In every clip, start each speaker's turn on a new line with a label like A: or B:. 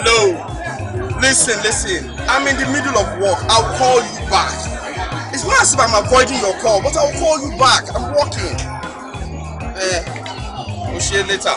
A: Hello. Listen, listen. I'm in the middle of work. I'll call you back. It's not as if I'm avoiding your call, but I'll call you back. I'm working. Eh, uh, we'll share later.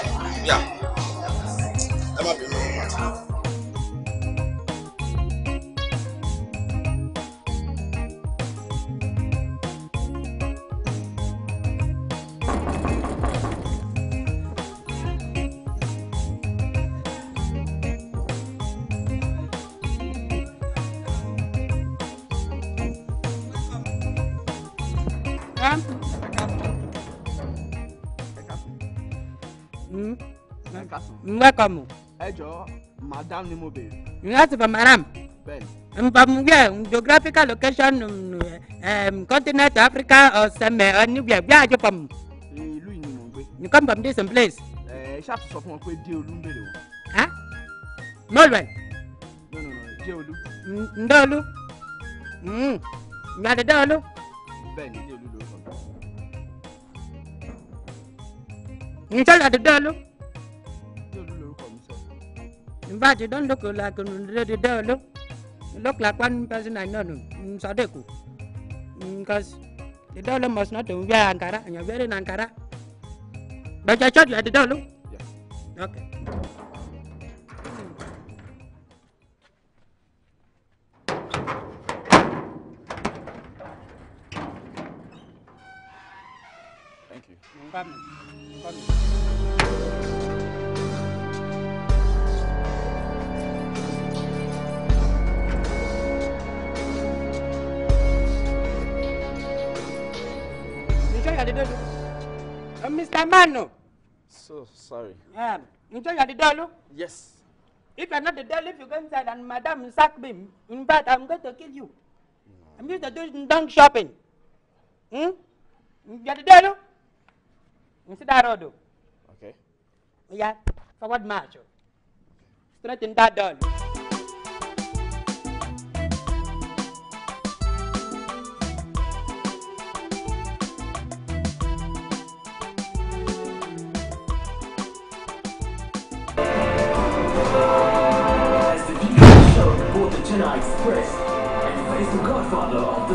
A: welcome. ẹ jọ madam ni mo béèrè. you ask for madam. bẹ́ẹ̀ni. n from where geographical location continent Africa or sẹmẹ or anywhere where are you from. ìlú yìí ni mo gbé. you come from this place. ẹ ẹ ṣáàtú sọ fún wọn pé déolú ń béèrè wọn. ha mọlẹ. no no no déolú. ndéolú. ìyá dédé olú.
B: bẹ́ẹ̀ni déolú ló sọ.
C: ìṣèjọba dédé olú. In fact, you don't look like Lady Dolo. You look like one person I know, Sadeko. Because the Dolo must not wear Ankara, and you're wearing Ankara. But I thought you had the Dolo.
D: Yeah. Okay.
B: So sorry.
A: Yeah, you know you are the devil? Yes. If you are not the devil, if you go inside and madam sack me, in fact, I'm going to kill you. No. I'm used to do dunk shopping. Hmm? You are the devil? You see that road? Okay. Yeah, forward march. Straight in that door.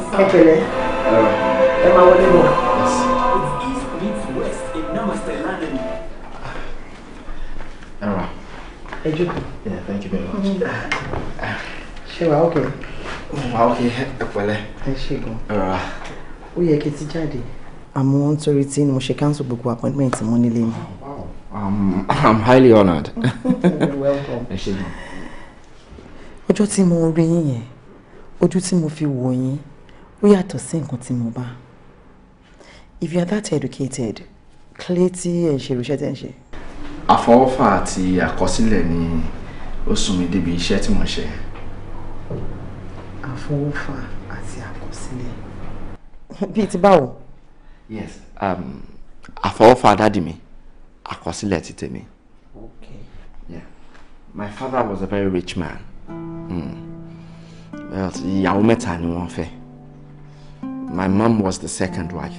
E: Yes.
B: It's east meets west in Namaste London. bọ̀. ẹ jókòó. yeah thank you very much. Mm-hmm. ṣé wàá okay. Mm, wàá okay ẹ pẹ̀lẹ́. ẹ ṣe gan.
A: ó yẹ kí n ti jáde àmọ́ nítorí tí mo ṣe cancel gbogbo appointment mo nílé mi. Um,
B: I'm highly honoured.
A: You're welcome. ọjọ́ tí mo rí yín yẹn ojú tí mo fi wò yín ó yàtọ̀ sí nǹkan tí mo bá if you are that educated clear tí ẹ̀ ń ṣe irúṣẹ́ tẹ̀ ń ṣe.
B: àfọwọ́fà àti àkọsílẹ̀ ni ó sún mi débi iṣẹ́ tí mo ṣe.
A: àfọwọ́fà àti àkọsílẹ̀. bíi ti báwo.
B: yes um, àfọwọ́fà dádì mi àkọsílẹ̀ ti tèmi. okay. yeah. my father was a very rich man. Mm. well ìyàwó mẹ́ta ni wọ́n fẹ́ my mom was the second wife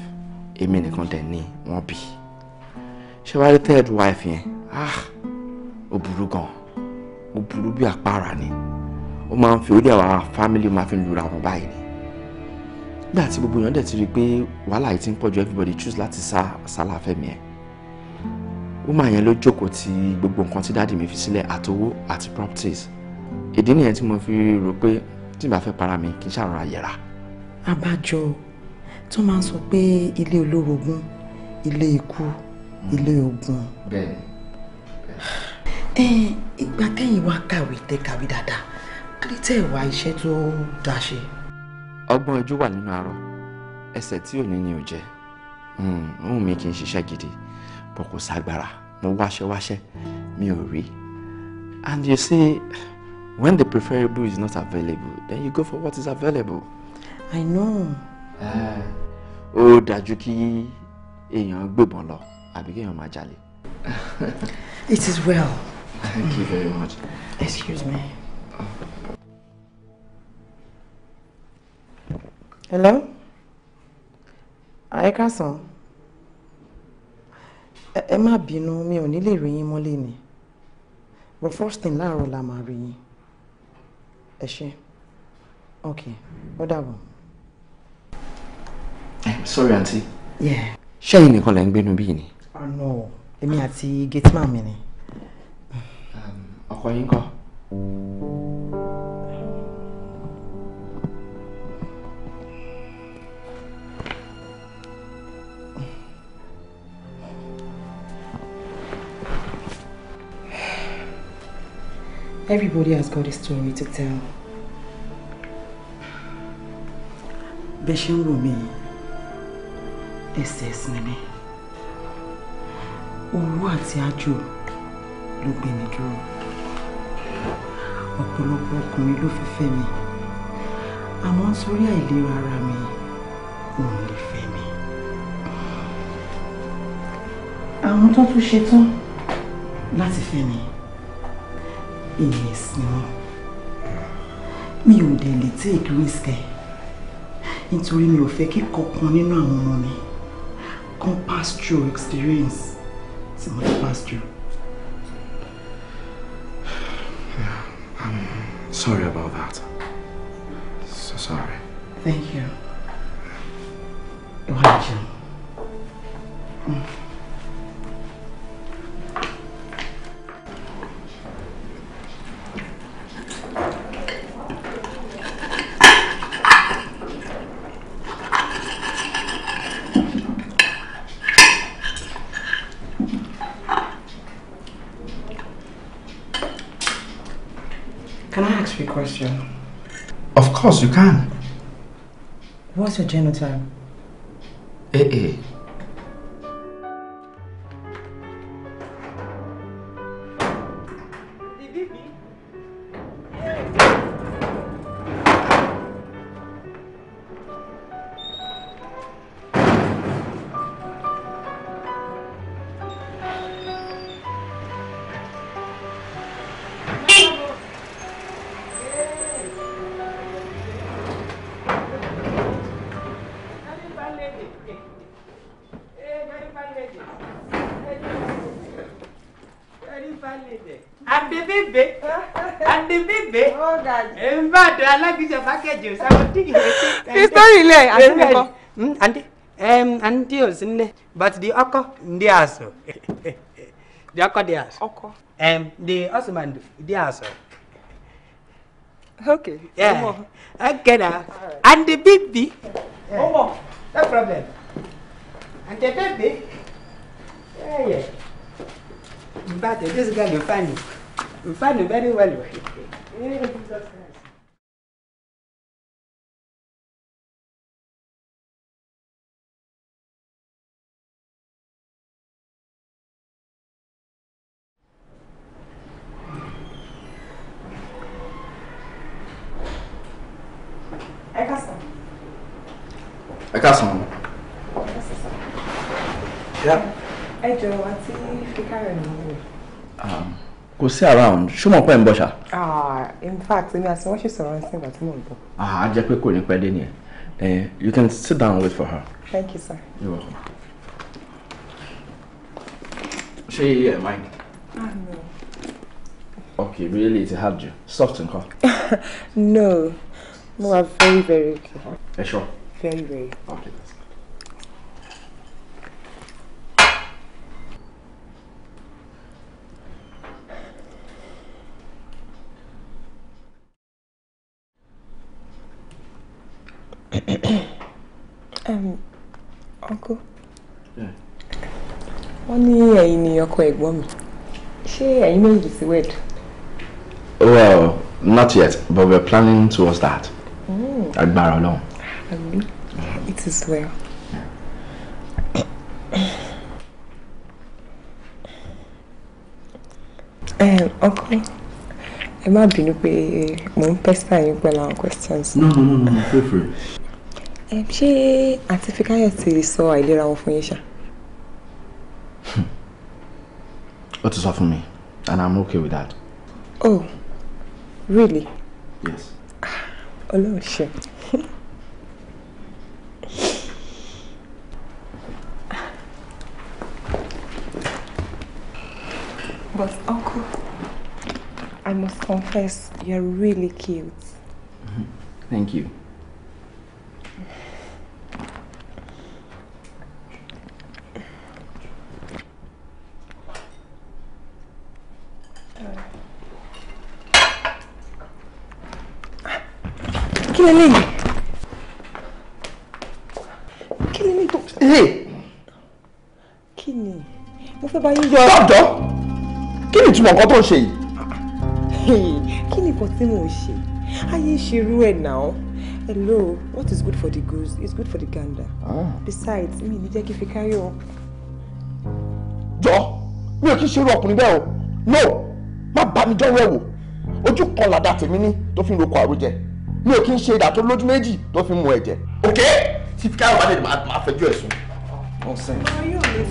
B: èmi
A: nìkan dẹ̀ ni wọ́n bí She was the third wife yẹn ah ó burú gan ó burú bí àpárá ni ó máa ń fi orí àwọn family máa fi ń lura wọn báyìí ni nígbà tí gbogbo èèyàn dẹ̀ ti rí i pé wàhálà yìí ti ń pọ̀ ju everybody choose láti sá sálà fẹ́mi ẹ̀ wúmà yẹn ló jókòó ti gbogbo nǹkan tí dáàdì mi fi sílẹ̀ àtowó àti properties ìdí nìyẹn tí mo fi rò pé tí n bá fẹ́ para mi kì í ṣàrùn àyẹ̀rà abájọ tó máa ń sọ pé ilé olórogún ilé ikú ilé ogun. bẹ́ẹ̀ni. ìgbà tẹ́yìn wá kàwé tẹ́ kàwé dáadáa kílí tẹ́ wá iṣẹ́ tó dáa ṣe.
B: ọgbọ́n ojú wà nínú arọ ẹsẹ̀ tí òní ni ò jẹ́ ohun hmm, mi kì í ṣiṣẹ́ gidi bọ̀ kò ságbára mo wáṣẹ́ wáṣẹ́ mi ò rí and you see when the preferable is not available then you go for what is available. I know. ó dájú kí èèyàn gbébọn lọ àbí kéèyàn máa jalè.
C: It is well. Thank you very much. Excuse me.
A: Hello? Ẹ káàsán. Ẹ má bínú mi ò ní lè rí yín mọ́lẹ̀ ni. But first thing láàárọ̀ la máa rí yín. Ẹ ṣé. Okay, ó dàbọ̀ sorry aunty. ṣẹ́yìn nìkan lẹ́ ń gbénu bíi ni. ọ̀nà èmi àti gateman mi ni.
B: Um, ọkọ yín kọ́.
A: Everybody has got a story to tell. Bẹ́ẹ̀ ṣe ń rò ss mi ni owó àti àjò ló gbé mi dúró ọ̀pọ̀lọpọ̀ ọkùnrin ló fi fẹ́ mi àmọ́ nítorí àìlera ara mi òun lè fẹ́ mi àwọn tó tún ṣetán láti fẹ́ mi èèyàn sí wọn mi ò dẹ̀ lè take risk ẹ̀ nítorí mi ò fẹ́ kí kankan nínú àwọn ọmọ mi kan pass through experience It's mo ti pass through.
B: Yeah, I'm sorry about that. So sorry. Thank you. Why did you?
A: Mm. course you can.
C: What's your genotype? Eh, AA. Eh. package seventeen eighteen. history ilé àti nìkan. Hmm, àǹtí àǹtí ò sí nílé but the ọkọ ndí àṣọ the ọkọ ndí àṣọ. ọkọ. the husband ndí àṣọ. okay. Yeah. okay na right. and the baby. Yeah. ọmọ no problem and the baby. Yeah, yeah. But this girl, will find you. find very well. kásán. ẹ jọ̀ọ́ àti fíkà rẹ̀ nìyẹn.
A: Ah, kò
B: sí around ṣùgbọ́n pẹ́ ń bọ̀ ṣá.
C: Ah, in fact èmi àti wọ́n ṣì sọ̀rọ̀ sí ìgbà tí mò ń bọ̀.
B: Ah, a jẹ́ pé kò ní pẹ́ dé nìyẹn eh, you can sit down and wait for her. thank you sir. you're welcome. ṣé iye ẹ̀ mind. ah no. Okay, really, it helped you. Soft and cold.
C: no, no, I'm very, very okay. Are sure? Very, very um, uncle. Yeah. Wọ́n ní ẹ̀yin ni ọkọ ẹ̀gbọ́n mi. Ṣé ẹ̀yin méjì ti wed?
B: Well, not yet, but we're planning towards that. Mm. Agbára Ọlọ́run.
C: Àmì, it is well. ọkùnrin ẹ má bínú be mò ń pẹ́sítà yín pẹ̀lú àwọn questions. no no no no no feel free. ẹ ṣé àti Fikáyọ̀ ti sọ àìlera wọn fún yín ṣá.
B: Hmm. ó ti and i'm okay
A: with that.
C: oh really. yes. Ah, ọlọ́run ṣe. But uncle, I must confess, you're really cute. Thank you. Kí leléyìí? Kí leléyìí tó? Kí ni?
A: Mo Stop dọ́ mọ̀ nǹkan tó ń ṣe
C: yìí. kí ni nǹkan tí mò ń ṣe ayé ṣerú ẹ̀ náà hello what is good for the goose is good for the gander ah. besides mi ní jẹ́ kí fi kárí ọ.
A: jọ mi ò kí ṣerú ọkùnrin bẹ́ẹ̀ o no má bá mi jọ́wọ́ ẹ̀ wò ojú kan làdá tèmi ní tó fi ń roko àròjẹ mi ò kí ń ṣe ìdá tó lójú méjì tó fi ń mu ẹ̀jẹ̀ ok tí fi kárí ọ bá lè máa fẹjọ́ ẹ̀sùn.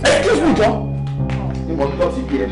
A: excuse me jọ ni mo tọ́ ti bí ẹ.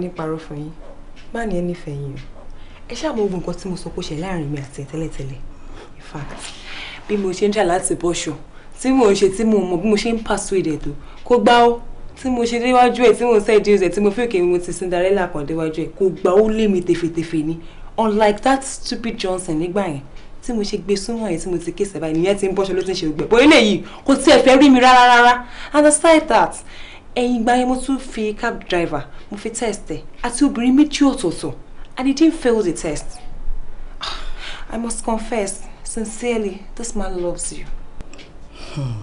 C: ní parọ́ fún yín má ní ẹni fẹ̀yìn o ẹ ṣáà mọ ogun nǹkan tí mo sọ pé ó ṣe láàrin mi àti ẹ tẹ́lẹ̀tẹ́lẹ̀ in fact bí mo ṣe ń jà láti bọ́ṣọ tí mò ṣe tí mo mọ bí mo ṣe ń persuade ètò kó gbá ó tí mo ṣe déwájú ẹ tí mo ń sẹ́ ìdí ẹ̀ tí mo fi òkè mo ti Cinderella kan déwájú ẹ kó gbá ó lé mi tefetefe ni unlike that stupid Johnson nígbà yẹn tí mo ṣe gbé súnmọ́ yẹn tí mo ti kéṣẹ̀ báyìí nìyẹn ti ń bọ́ṣọ ló ti ń ṣe gbẹ̀ ẹ̀yìn ìgbà yẹn mo tún fi cab driver mo fi test ẹ̀ àti obìnrin méjì ọ̀tọ̀ọ̀tọ̀ and he didn't fail the test. I must confess sincerely this man loves you. Hmm.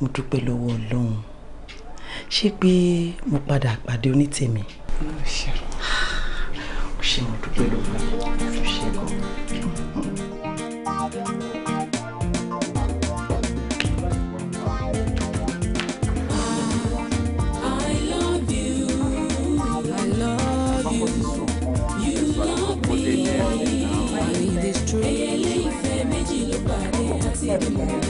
A: mo dúpẹ́ lọ́wọ́ ọlọ́run ṣé pé mo padà pàdé onítèmi. ó ṣe mo
D: dúpẹ́ lọ́wọ́ ó ṣe gan-an.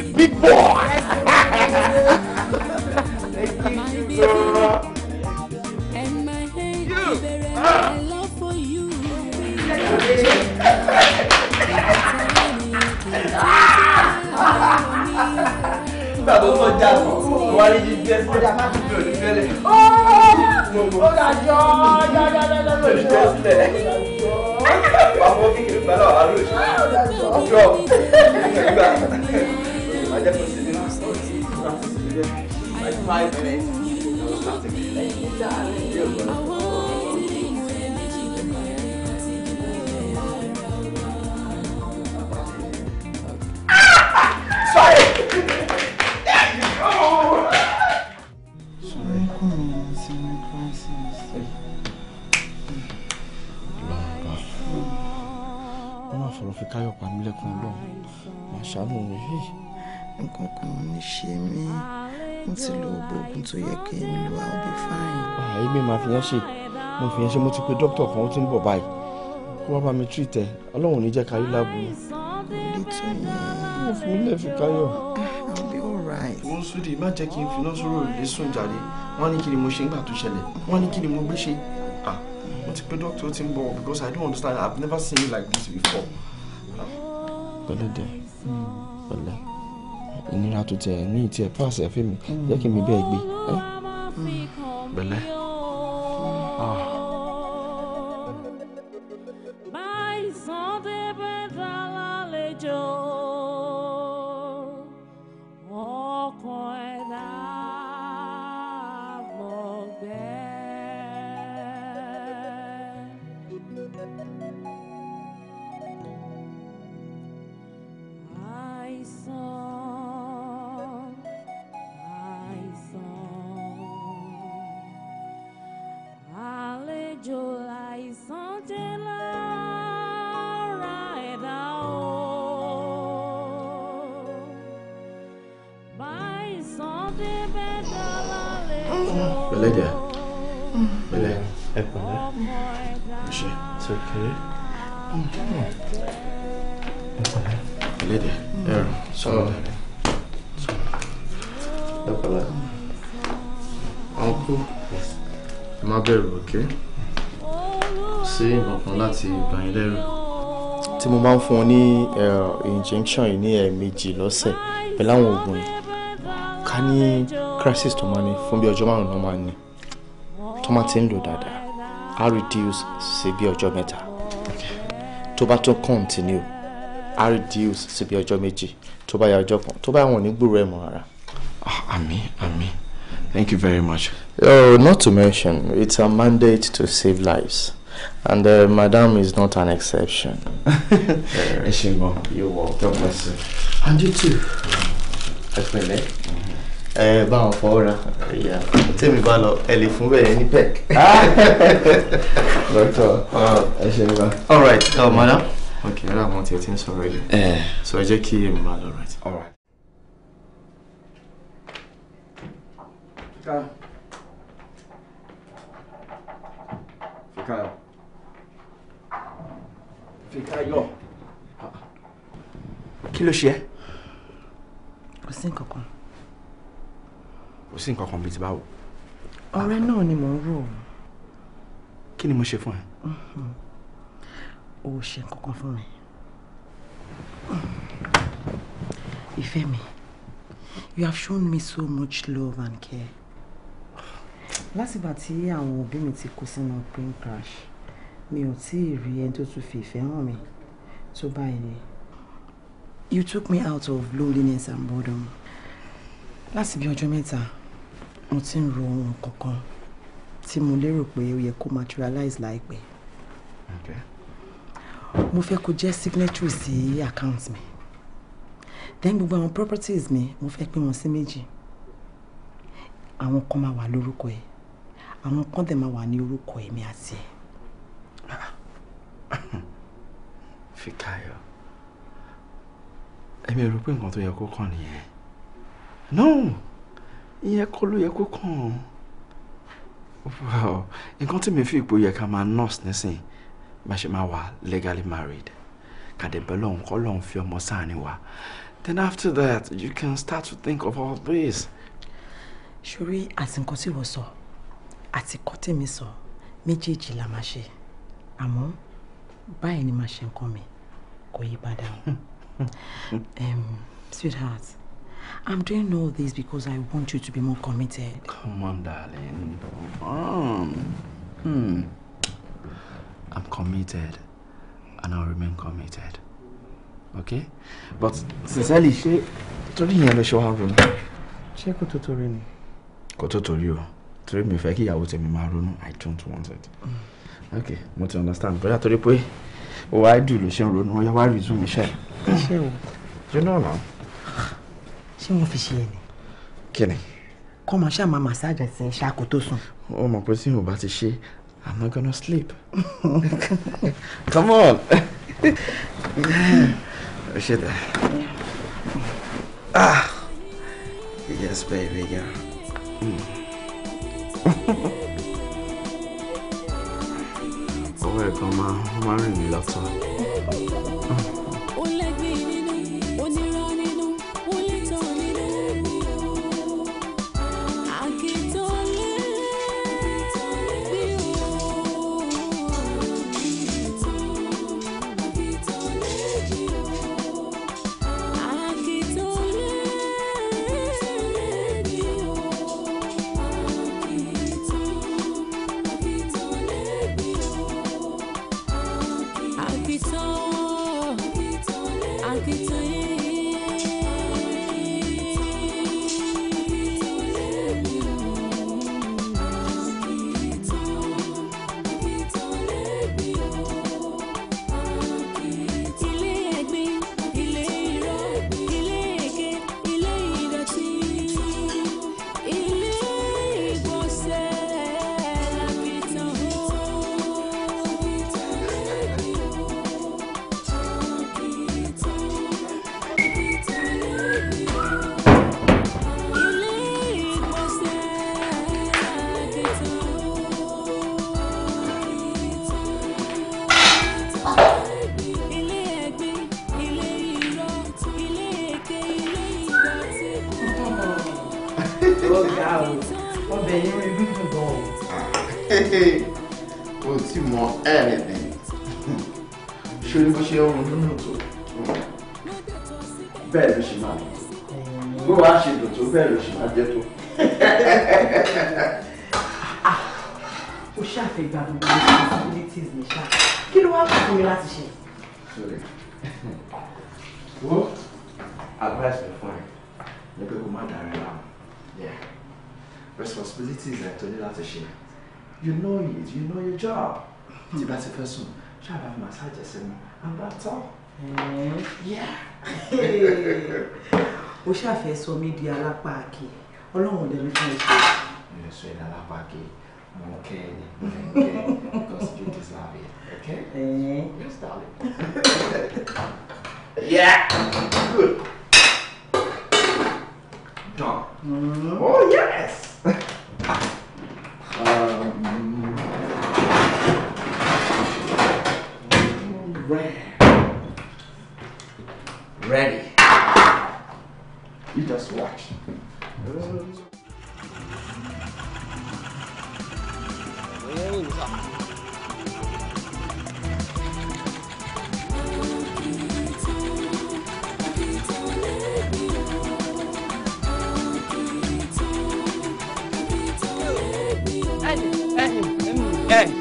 A: a big boy. Thank you, Zora. And my hate you. Ah. my love for you. Bàbá ó mọ̀ já lọ, wà á yí jẹ́ sílẹ̀, mi ò ní fẹ́lẹ̀. Ó ga jọ, já já já já lórí jẹ́ sílẹ̀. Àwọn kékeré balọ̀ àlọ́ ìṣòro. Jọ, ìgbà just like five minutes. Nothing. Thank you, darling. You're
D: welcome.
B: káyọ̀ pàmílẹ̀kùn ọlọ́run màṣánù mi nǹkan kan ní ṣe mí mo lo oògùn tó yẹ kí n lo i'll be fine. àìmí ah, máa fi yẹn ṣe mo fi yẹn ṣe mo ti pe doctor kan ó ti ń bọ̀ báyìí kó wá bá mi treat ẹ ọlọ́run ní jẹ́ kárí láàbù. kò lè mo fi mí lẹ́ fi káyọ̀. Ah, i'll be alright. wọ́n súdi má jẹ́ kí n finá sọ̀rọ̀ ìlé sùn jáde wọ́n ní kí ni mo ṣe nígbà tó ṣẹlẹ̀ wọ́n ní kí ni mo gbé ṣe ah mo ti pe dókítà ti ń bọ̀ because i don't understand i've never seen you like this before. Ah. pẹ̀lẹ́ dẹ hmm. pẹ̀lẹ́ ìnira tó tiẹ̀ ní ìtiẹ̀ pàṣẹ fún mi jẹ́ kí mi bẹ́ẹ̀ gbé. bẹ̀lẹ́ mm. ah. mo máa ń fún wọn ní injection yìí ní ẹ̀ẹ̀mejì lọ́sẹ̀ pẹ̀lú àwọn oògùn yìí ká ní crisis tó máa ní fún bí ọjọ́ márùn-ún náà máa ní tó máa ti ń lò dáadáa á reduce sí bí ọjọ́ mẹ́ta tó bá tún continue á reduce sí bí ọjọ́ méjì tó bá yá ọjọ́ kan tó bá wọn ní gbúrò ẹ̀ mọ́ ara. Ah, àmín àmín thank you very much. Uh, not to mention it's a mandate to save lives and uh, madam is not an exception. ẹ ṣe gan. you work. God bless you. and you too. ẹ pẹ̀lẹ́ ẹ bá wọn fọwọ́ ra tèmi bá lọ ẹ lè fún bẹ́ẹ̀ ní pec. doctor ẹ ṣe gan. all right uh, madam. okay ara àwọn tí ẹ ti ń sọ̀rọ̀ yìí. Eh. so ẹ jẹ́ kí èmi máa lọ right. all right. Fikayo. Fikayo. Fikayo.
A: Kí ló ṣe ẹ́? Kò sí nǹkan Kò sí nǹkan bíi ti báwo. Ọ̀rẹ́ náà ni mò ń rò. Kí ni mo ṣe fún ẹ? O ò ṣe nǹkan fún mi. Ìfẹ́ mi, you have shown me so much love and care. Látìgbà tí àwọn òbí mi ti kú sínú plane crash mi ò tí ì rí ẹni tó tún fi hàn mi tó báyìí ni you took me out of loneliness and boredom láti bí ọjọ́ mẹ́ta mo ti ń ro ohun kankan tí mo lérò pé ó yẹ kó materialize láìpẹ́ okay. mo fẹ́ kó jẹ́ signatory sí account mi then gbogbo àwọn properties mi mo fẹ́ pín wọn sí méjì àwọn kan máa wà lórúkọ ẹ̀ àwọn kan dẹ̀ máa wà ní orúkọ èmi àti ẹ̀
B: Fikayo èmi rò pé nǹkan tó yẹ kó kàn nìyẹn
A: no ìyẹn kọ́ ló yẹ kó kàn wow nǹkan tí mi fi ipò yẹ ká máa nurse nísìn bá ṣe máa wà legally married kàdébẹ́ lọ́hùn kọ́ lọ́hùn fi ọmọ sáàni wa then after that you can start to think of all this. ṣorí àti nǹkan tí wọ́n sọ àti nǹkan tí mi sọ méjèèjì la máa ṣe àmọ́ báyìí ni màá ṣe nǹkan mi kò yí padà um, sweetheart I'm doing all this because I want you to be more committed.
B: Come on, darling. Um, Hmm. I'm committed and I'll remain committed. Okay? But sincerely, ṣé torí yẹn ló ṣe wá ronú.
A: Ṣé kò tó torí ni?
B: Kò tó torí o. Torí mi fẹ́ kí ìyàwó tèmi máa ronú. I don't want it. Mm ok mo ti understand bóyá torí pé ó wá dùn ló ṣe ń ronú ọyá wá rí zoom iṣẹ́ ẹ̀. ṣé o. you know now.
A: ṣé mo fi ṣe ẹ ni. kí ni. kọ́ máa ṣáà máa massage ẹ̀sìn ṣáàkó tó sùn.
B: ó mọ̀ pé tí mo bá ti ṣe I'm not gonna sleep. Come on. oh shit. Ah. Yes, baby, yeah. Mm. ọwọ́ ẹ̀ kan máa do you know your job? tí bá person.
A: fẹ́ sùn have fi massage ẹsẹ̀ mi and that's all. Yeah. ṣàfẹ́ sọ mí di alápáàkì ọlọ́run lè mi fún ẹ ṣe. mi ò sọ èdè mo ń kẹ́ ẹ ní mo because you deserve it okay? Eh? darling.
D: yeah good.
A: done. Mm. Mm-hmm. oh yes. ready. You just watch.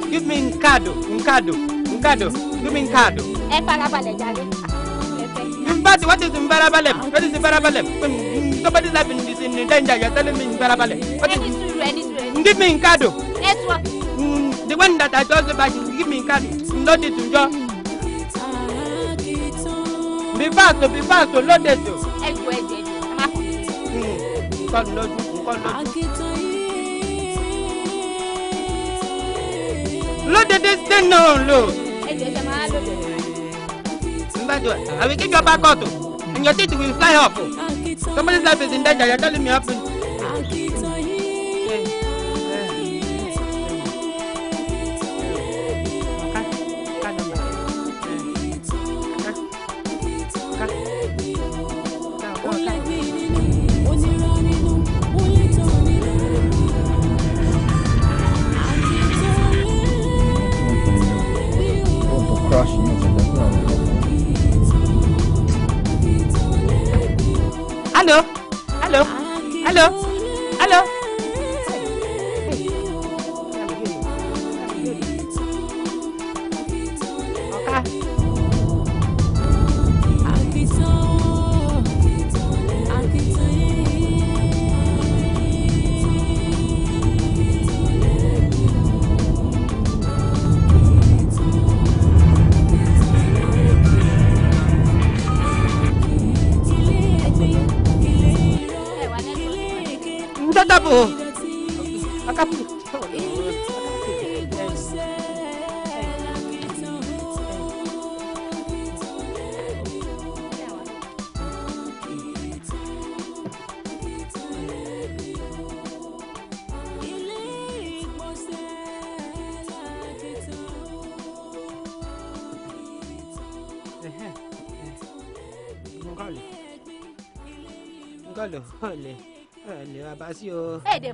C: Give me Nkado, Nkado,
A: Nkado, give me Nkado. É, para, para, já, about what is in Barabalem? What is in Barabalem? When somebody's life is in danger, you're telling me in Barabalem. What is Give me in Kado. That's what? the one that I just about is give me in Kado. Not it to John. Be fast, oh, be fast, oh, load it to. Ẹ̀jọ̀ ẹ̀jẹ̀ máa kọ̀. Nǹkan lójú, nǹkan lójú. Lóde dé sẹ́nà lò.
F: Ẹ̀jẹ̀ ẹ̀jẹ̀ máa lóde
A: everywhere. I will give you back out. And your teeth will fly off. Somebody's life is in danger. You're telling me happened.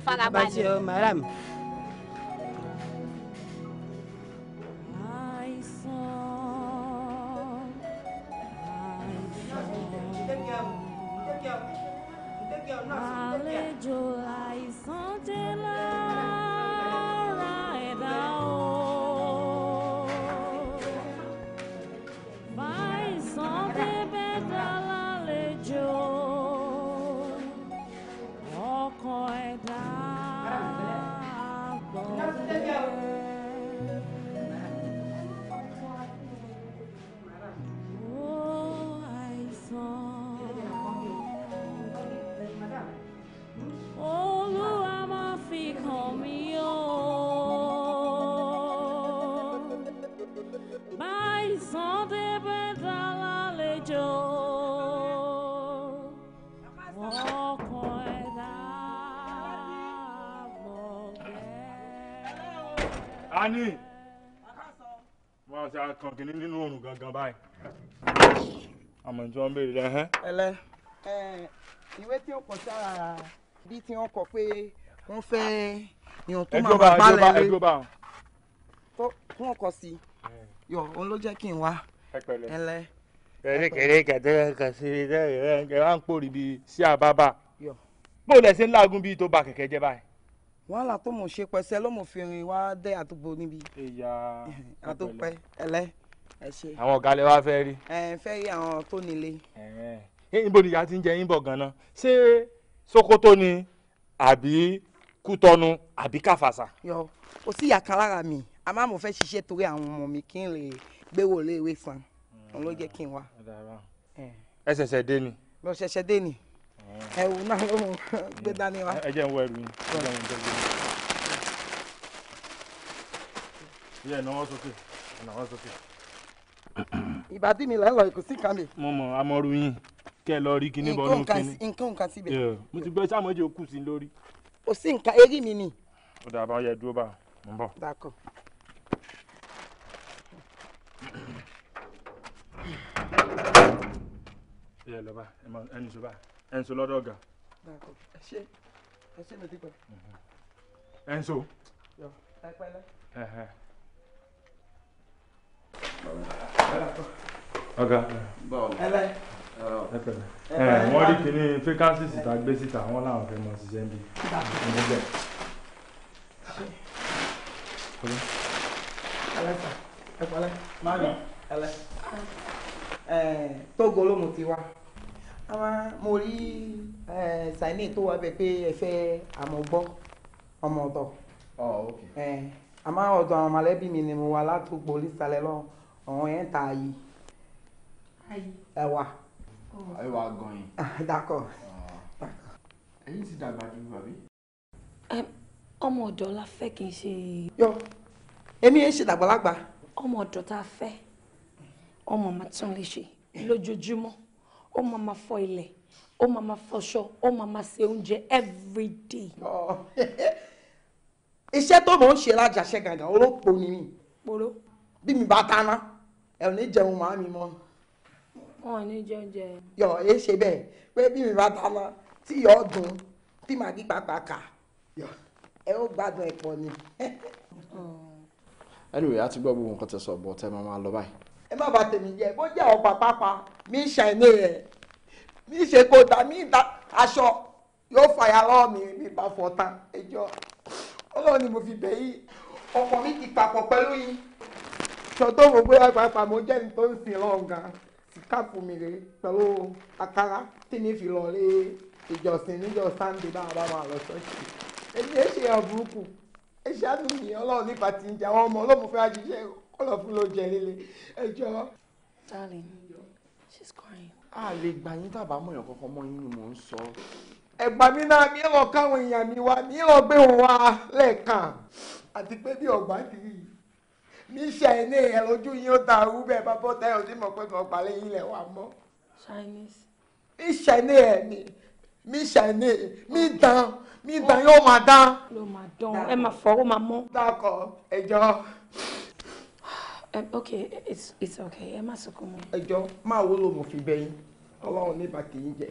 C: farabalẹ̀. bàbá tí o
A: Tani. Wọ́n ṣe akàn nínú oòrùn gangan báyìí.
G: Àmọ̀ tí wọ́n béèrè lẹ́hẹ́.
A: Ẹlẹ́ ìwé tí ó kọ sára bí tí wọ́n kọ pé wọ́n fẹ́ èèyàn tó máa bá balẹ̀ lé. Ẹjọ́ bá sí yọ òun ló jẹ́ kí n wá. Ẹlẹ́.
G: Kẹ̀lé kẹ̀lé kẹ̀tẹ́ kẹ̀ sí ẹ̀
A: ẹ̀ ń pòrí bíi sí àbábà. Bó lẹ̀ ṣe ń bíi tó ba kẹ̀kẹ́ jẹ́ báyìí wàhálà tó mọ̀ ṣe pẹ̀sẹ̀ ló mọ̀ fi rìn wá dé àdúgbò níbi. ìyá àtúpẹ́ ẹlẹ́ ẹ ṣe. àwọn ọ̀gá lẹ wá fẹ́ rí. ẹ fẹ́ rí àwọn tó nílé. níbo ni ìyá ti ń jẹ yín bọ̀ gan ṣé Sokoto ni àbí Kútọ́nù àbí Káfàṣà. yọ o sì yà kan lára mi àmọ́ mo fẹ́ ṣiṣẹ́ torí àwọn ọmọ mi kí n lè gbéwò léèwé san òun ló jẹ́ kí n wá.
G: ẹ ṣẹ̀ṣẹ̀ dé ni.
A: mo ṣẹ̀ṣẹ̀ dé ni ẹ wò náà ló mú gbé dání wa. ẹ jẹ́ ń wọ ẹrù yín ẹ jẹ́ ń wọ ẹrù yín. ilé ìnáwó sókè ìnáwó sókè. ìbàdí mi lẹ́lọ kò sí kan mi. mo mọ amọ̀rù yín kẹ́ ẹ lọ rí kinní bọ́nú kinní. nǹkan kan síbẹ̀. mo ti gbé sámọ́jì òkú sí lórí. kò sí nǹkan eré mi ni. ó dàbá yẹ dúró bá ń bọ̀. d'accord. Yeah, lọ bá, ẹni sọ bá ẹnso lọ́dọ̀ ọ̀gá. ẹ ṣe ẹ ṣe mi dípẹ́. ẹnso. Mm-hmm. yọ ẹ pẹ̀lẹ́. ọ̀gá. bọ́ọ̀lù ẹlẹ́. ẹ pẹ̀lẹ́. ẹ wọ́n rí kíní fíkánsì
B: síta gbé síta wọ́n làwọn fẹ́ mọ ṣiṣẹ́ ń bí.
A: ẹlẹ́ sà ẹ pẹ̀lẹ́ máa yọ ẹlẹ́. tógo ló mu ti wá mo rí sani tó wà bẹ pé ẹ fẹ́ àmọ̀gbọ́ ọmọ ọ̀dọ̀ oh, àmọ́ ọ̀dọ̀ àwọn mọ̀lẹ́bí mi ni mo wà látòkò onísàlẹ̀ lọ ọ̀hún ẹ̀ ń ta ayé ẹwà. ẹwà gan yín. dakọ. ẹ̀yin ti dàgbà jù bàbí. ọmọ ọ̀dọ̀ la fẹ́ kí n ṣe. yọ èmi yẹn ṣe dàgbàlagbà.
C: ọmọ ọ̀dọ̀ tá a fẹ́
A: ọmọ màá tún lè ṣe
C: lójoojúmọ́ ó máa ma fọ
A: ilẹ̀ ó máa ma fọṣọ ó máa ma ṣe oúnjẹ every day. iṣẹ́ tó mò ń ṣe lájàṣẹ́ gàngàn olóòpó ni mi. poro. bí mi bá taná ẹ̀ ò ní jẹun màá mi mọ́.
C: wọn ò ní jẹun jẹ.
A: yọ ẹ ṣe bẹ́ẹ̀ pé bí mi bá taná tí yọ ọ dùn tí màgí pàápàá kà ẹ ó gbádùn ẹ pọ ni
B: anyway a ti gbọ́ gbogbo nǹkan tẹ́ sọ bọ̀ tẹ́ máa máa lọ báyìí.
A: ẹ má bà tèmi jẹ́ bó jẹ́ ọ̀pá pápá mi ṣàìní ẹ̀ mi ṣe kó ta mi ta aṣọ yóò fàyà lọ́wọ́ mi mi bá fọ́ tán ẹjọ́ ọlọ́run ni mo fi bẹ̀ yìí ọkọ mi ti papọ̀ pẹ̀lú yìí ṣọtọ́ mo gbé pàápàá mo jẹ́ ní tó ń sin lọ́wọ́ gan síkáàpù mi rè pẹ̀lú àkàrà tí mi fi lọ rí ìjọsìn níjọ sànńdé bá bá wà lọ sọ́ọ̀tì èmi ẹ ṣe ẹ̀ burúkú ẹ ṣàánú mi ọlọ́run nípa ti ń jà wọ́n ọmọ ọlọ́run fẹ́ àjíṣe ọlọ́run fún ló jẹ líle ẹjọ́. darling scoring. a lè gbà yín tàbá mọ̀yàn kankan mọ́ yín ni mò ń sọ. ẹ̀gbà mi náà mi lọ káwọn èèyàn mi wá mi lọ gbé wọn wá lẹ́ẹ̀kan àti pé bí ọ̀gbá ti rí mi ṣe ẹni ẹ̀ lójú yín ó ta arú bẹ́ẹ̀ bá bọ́ táyọ̀ tí mo pé kan gbàlẹ́ yín lẹ̀ wá mọ́. Chinese. mi ṣe ẹni ẹ̀ mi mi ṣe ẹni mi dan mi dán yóò máa dán. ló máa dán ẹ máa fọwọ́ máa mọ́. dákọ̀ ẹjọ́
C: okay it's it's okay ẹ má sunkún mọ́.
A: ẹjọ máa wo ló mo fi bẹyìn Ọlọ́run ní bàtí yín jẹ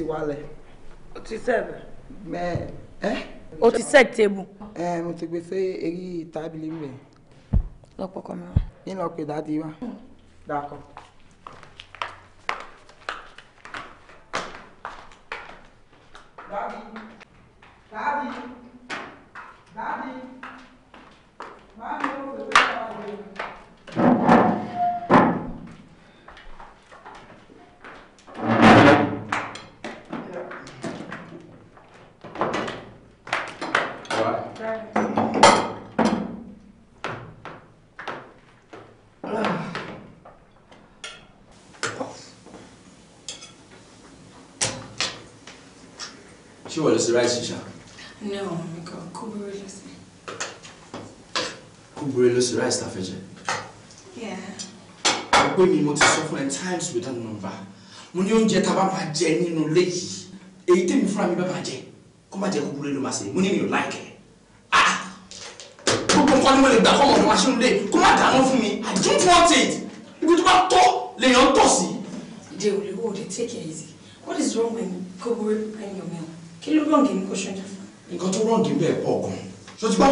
A: ti wálẹ̀.
C: ó ti sẹ́ẹ̀bẹ̀.
A: mẹ ẹ. ó ti sẹ́ẹ̀ tébù. ẹ mo ti gbèsè èyí tábìlì mi. lọ́pọ̀ kọ́ mi wá. nínú ọ̀pẹ̀ dáadé wa.
C: dákọ̀.
B: She was just sí ráìsì ṣá.
C: no nǹkan kó burú ló sí. kó burú ló sí ráìsì tá a fẹ́ jẹ.
A: in mi mo ti without number mo ní oúnjẹ tá a bá máa jẹ nínú ilé yìí èyí tèmi fúnra mi bá máa jẹ kó má jẹ kó burú ló máa mi ò láìkẹ́ ah! gbogbo nǹkan ni mo lè gbà kọ́ ọ̀nà wáṣẹ́ nílé kó má dáná fún mi I don't want it ibi tó bá Leon lèèyàn Dear, sí.
C: ìdè òlè wo dey take it easy what is wrong with kobore
A: and your meal kí ló rọ̀ǹgì ní kò ṣọjà. nǹkan tó rọ̀ǹgì bẹ́ẹ̀ pọ̀ gan ṣó ti gbọ́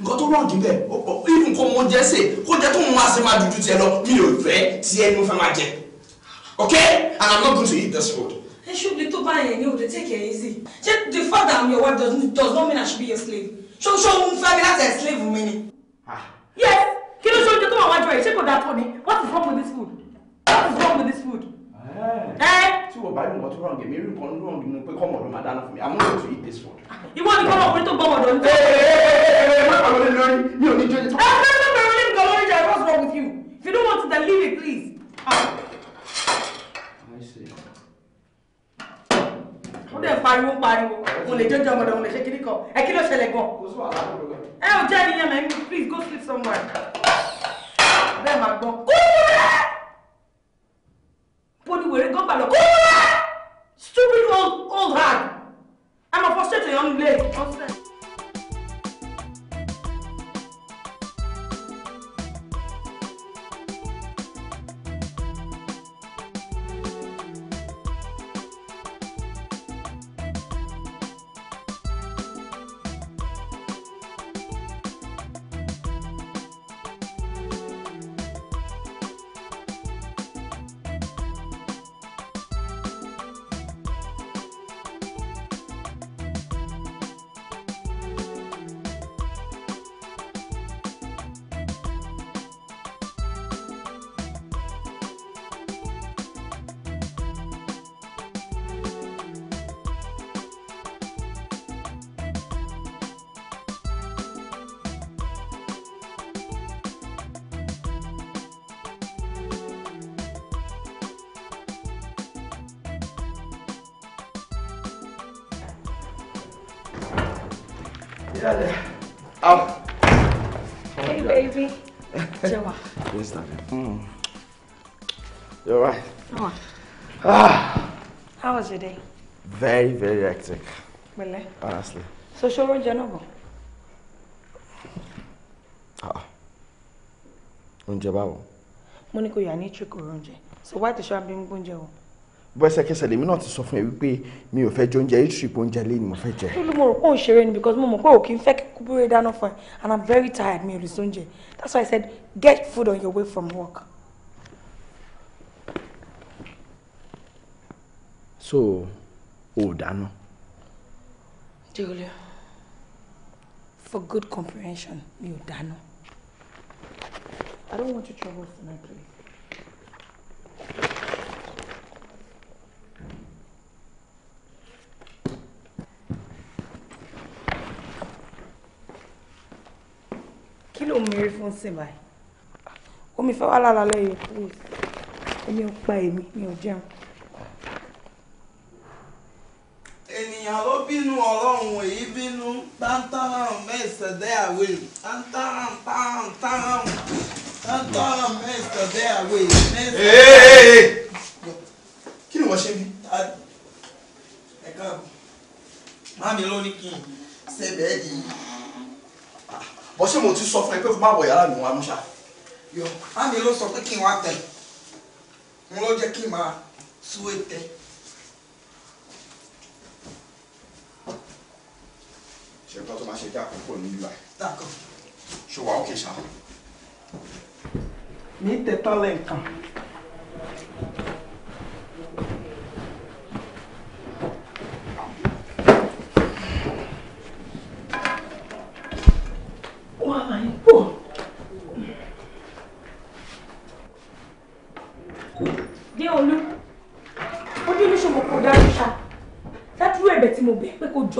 A: nǹkan tó rọ̀ǹgì bẹ́ẹ̀ ó pọ̀ irun kò mọ jẹ́ sè kó jẹ́ tó mú àṣẹ máa dúdú tiẹ̀ lọ mi ò fẹ́ tí ẹni fẹ́ máa jẹ okay and i'm not going to eat this food.
C: ẹ ṣùgbọ́n tó bá yẹn ni o dey take it easy ṣé the fact that i'm your wife does, does not mean i should be your slave ṣó ṣó ń fẹ́ mi láti
A: ẹ̀ slave mi ni. Ah. yes kí ló ṣe oúnjẹ tó wà wájú ẹ̀ ṣé kò dáa tó ni what is wrong with this food what is wrong with this food ẹ. tí wọ́n bá rí nǹkan tó rọrùn gèmí rí nǹkan tó rọrùn gèmí pé kọ́mọ̀ ló máa dáná fún mi i'm not going to eat this food.
C: ìwọ ni kọ́mọ̀ ọkùnrin tó gbọ́mọ̀ ló ń tẹ́. ẹ ẹ ẹ ẹ ẹ má pàrọ̀ lé
A: lórí mi ò ní jẹ́ ẹ. ẹ ẹ ẹ
C: má pàrọ̀ lé nǹkan lórí jẹ́ what's wrong with you if you don't want it then leave it please.
A: ó dẹ̀ pariwo pariwo mo lè jẹ́jọ́ ọmọdé mo lè ṣe kíní kan ẹ kí ló ṣẹlẹ̀ gan. ẹ ò jẹ́ ènìyàn mẹ́rin please go sleep somewhere. bẹ́ẹ̀ máa gbọ́ kúrẹ́ bó ni wèrè gọ́gbà stupid old old hag i'm a frustrated young lady.
B: baby. Jewa. yes, darling. Mm. You're right. Oh. Ah. How was your day? Very, very hectic. Really? Honestly.
C: So, Shoro Janobo?
B: Ah. Oúnjẹ báwo?
C: Mo ní kò yà ní chicken So, why the shop being oúnjẹ o?
A: bọ́sẹ̀kẹsẹ̀ lèmi náà ti sọ fún ẹ wípé mi ò fẹ́ jẹ oúnjẹ yìí trip oúnjẹ lé ni mo fẹ́ jẹ.
C: olú mo rò pé òun ṣeré ni because mo mọ̀ pé òkè ń fẹ́ kúbúrẹ́ dáná fún ẹ and i'm very tired mi ò lè sóúnjẹ that's why i said get food on your way from work.
B: so o dáná.
C: Julia for good comprehension mi ò dáná. i don't want to trouble for my place. ló ń mèrè fún sí báyìí omi fẹ́ wá lálálẹ́ yìí please èmi ò pa èmi mi ò jẹun.
A: ènìyàn ló bínú ọlọ́run èyí bínú tántàràn mẹ́sẹ̀dẹ́ àwẹ̀ tántàràn tántàràn tántàràn mẹ́sẹ̀dẹ́ àwẹ̀ mẹ́sẹ̀dẹ́. kí ni wọ́n ṣe bí ẹ̀ka mami ló ní kí n ṣe bẹ́ẹ̀ yìí bọ́ ṣé mo ti sọ fún ẹ pé fún báwọ̀ yàrá mi wà mú ṣá. yọ àmì ló sọ pé kí n wá tẹ n ló jẹ́ kí n máa súwé tẹ. ṣe nǹkan tó máa ṣe jẹ́ àkókò níbí báyìí. dàkọ. ṣé wàá òkè ṣá. ní tẹ́tọ́ lẹ́ǹkan.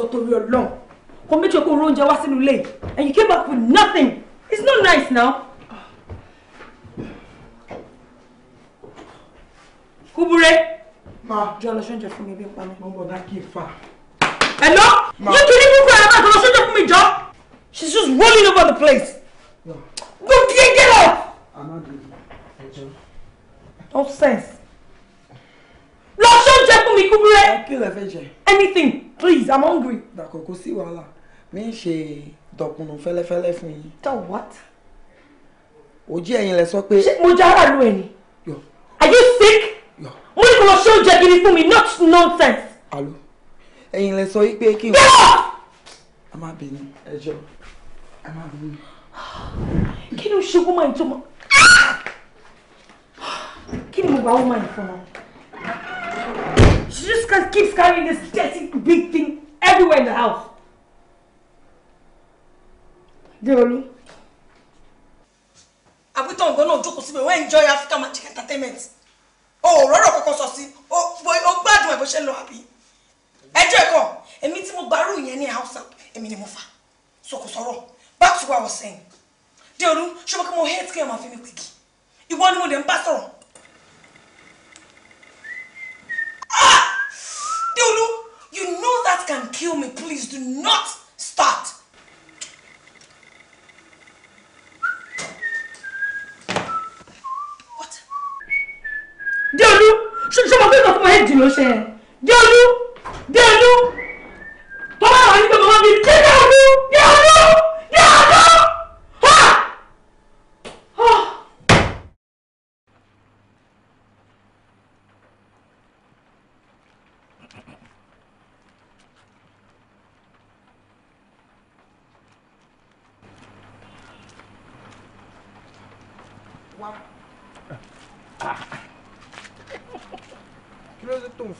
C: jọ torí Ọlọ́run kò méjì kó ro oúnjẹ wá sínú ilé yìí and you came back with nothing it's not nice now.
A: Kúbúrẹ́. Ma. Jọ lọ ṣoúnjẹ fún mi bí pa mi. Mo bọ̀ dá kí n fà. Hello? Ma. Yóò kiri kúkú ẹ̀rọ náà tó lọ ṣoúnjẹ fún mi jọ. She's just rolling over the place. Go get get up. Nonsense jẹ́ fún mi kúbúrẹ́. kí lè fẹ́ jẹ. anything please i'm hungry. dàkọ̀ kò sí wàhálà mi ń ṣe dọ̀kùnrùn fẹ́lẹ́fẹ́lẹ́ fún yín. the what. ojú ẹ̀yin lẹ sọ pé. ṣé mo jẹ́ aráàlú ẹ̀ ni. yọ. are you sick. yọ. mo ní kò lọ ṣé oúnjẹ gidi fún mi not nonsense. alo ẹ̀yin lẹ sọ pé kí n. get up. a máa bínú ẹ jọ a máa bínú. kí ni o ṣe woman tó ah!
C: kí ni mo gba woman fún She just keeps carrying this dirty big thing everywhere in the house.
A: Deolu. Abutan go no jókòó síbẹ̀ we enjoy African magic entertainment. Oh, roro kokon so si. Oh, boy o gbádùn ẹ bó ṣe lọ àbí.
C: Ẹjọ́ ẹ̀kọ́, èmi tí mo gbaru yẹn ní house up, èmi ni mo fà. So ko sọ̀rọ̀. Back to what I was saying. Deolu, show me kí mo hate kí ẹ máa fi You want Ìwọ ni mo dẹ̀
A: Deolu, you know that can kill me. Please do not start. What? Deolu, ṣe ṣe mo gbé ìgbà my head jù ló ṣe. Deolu, Deolu.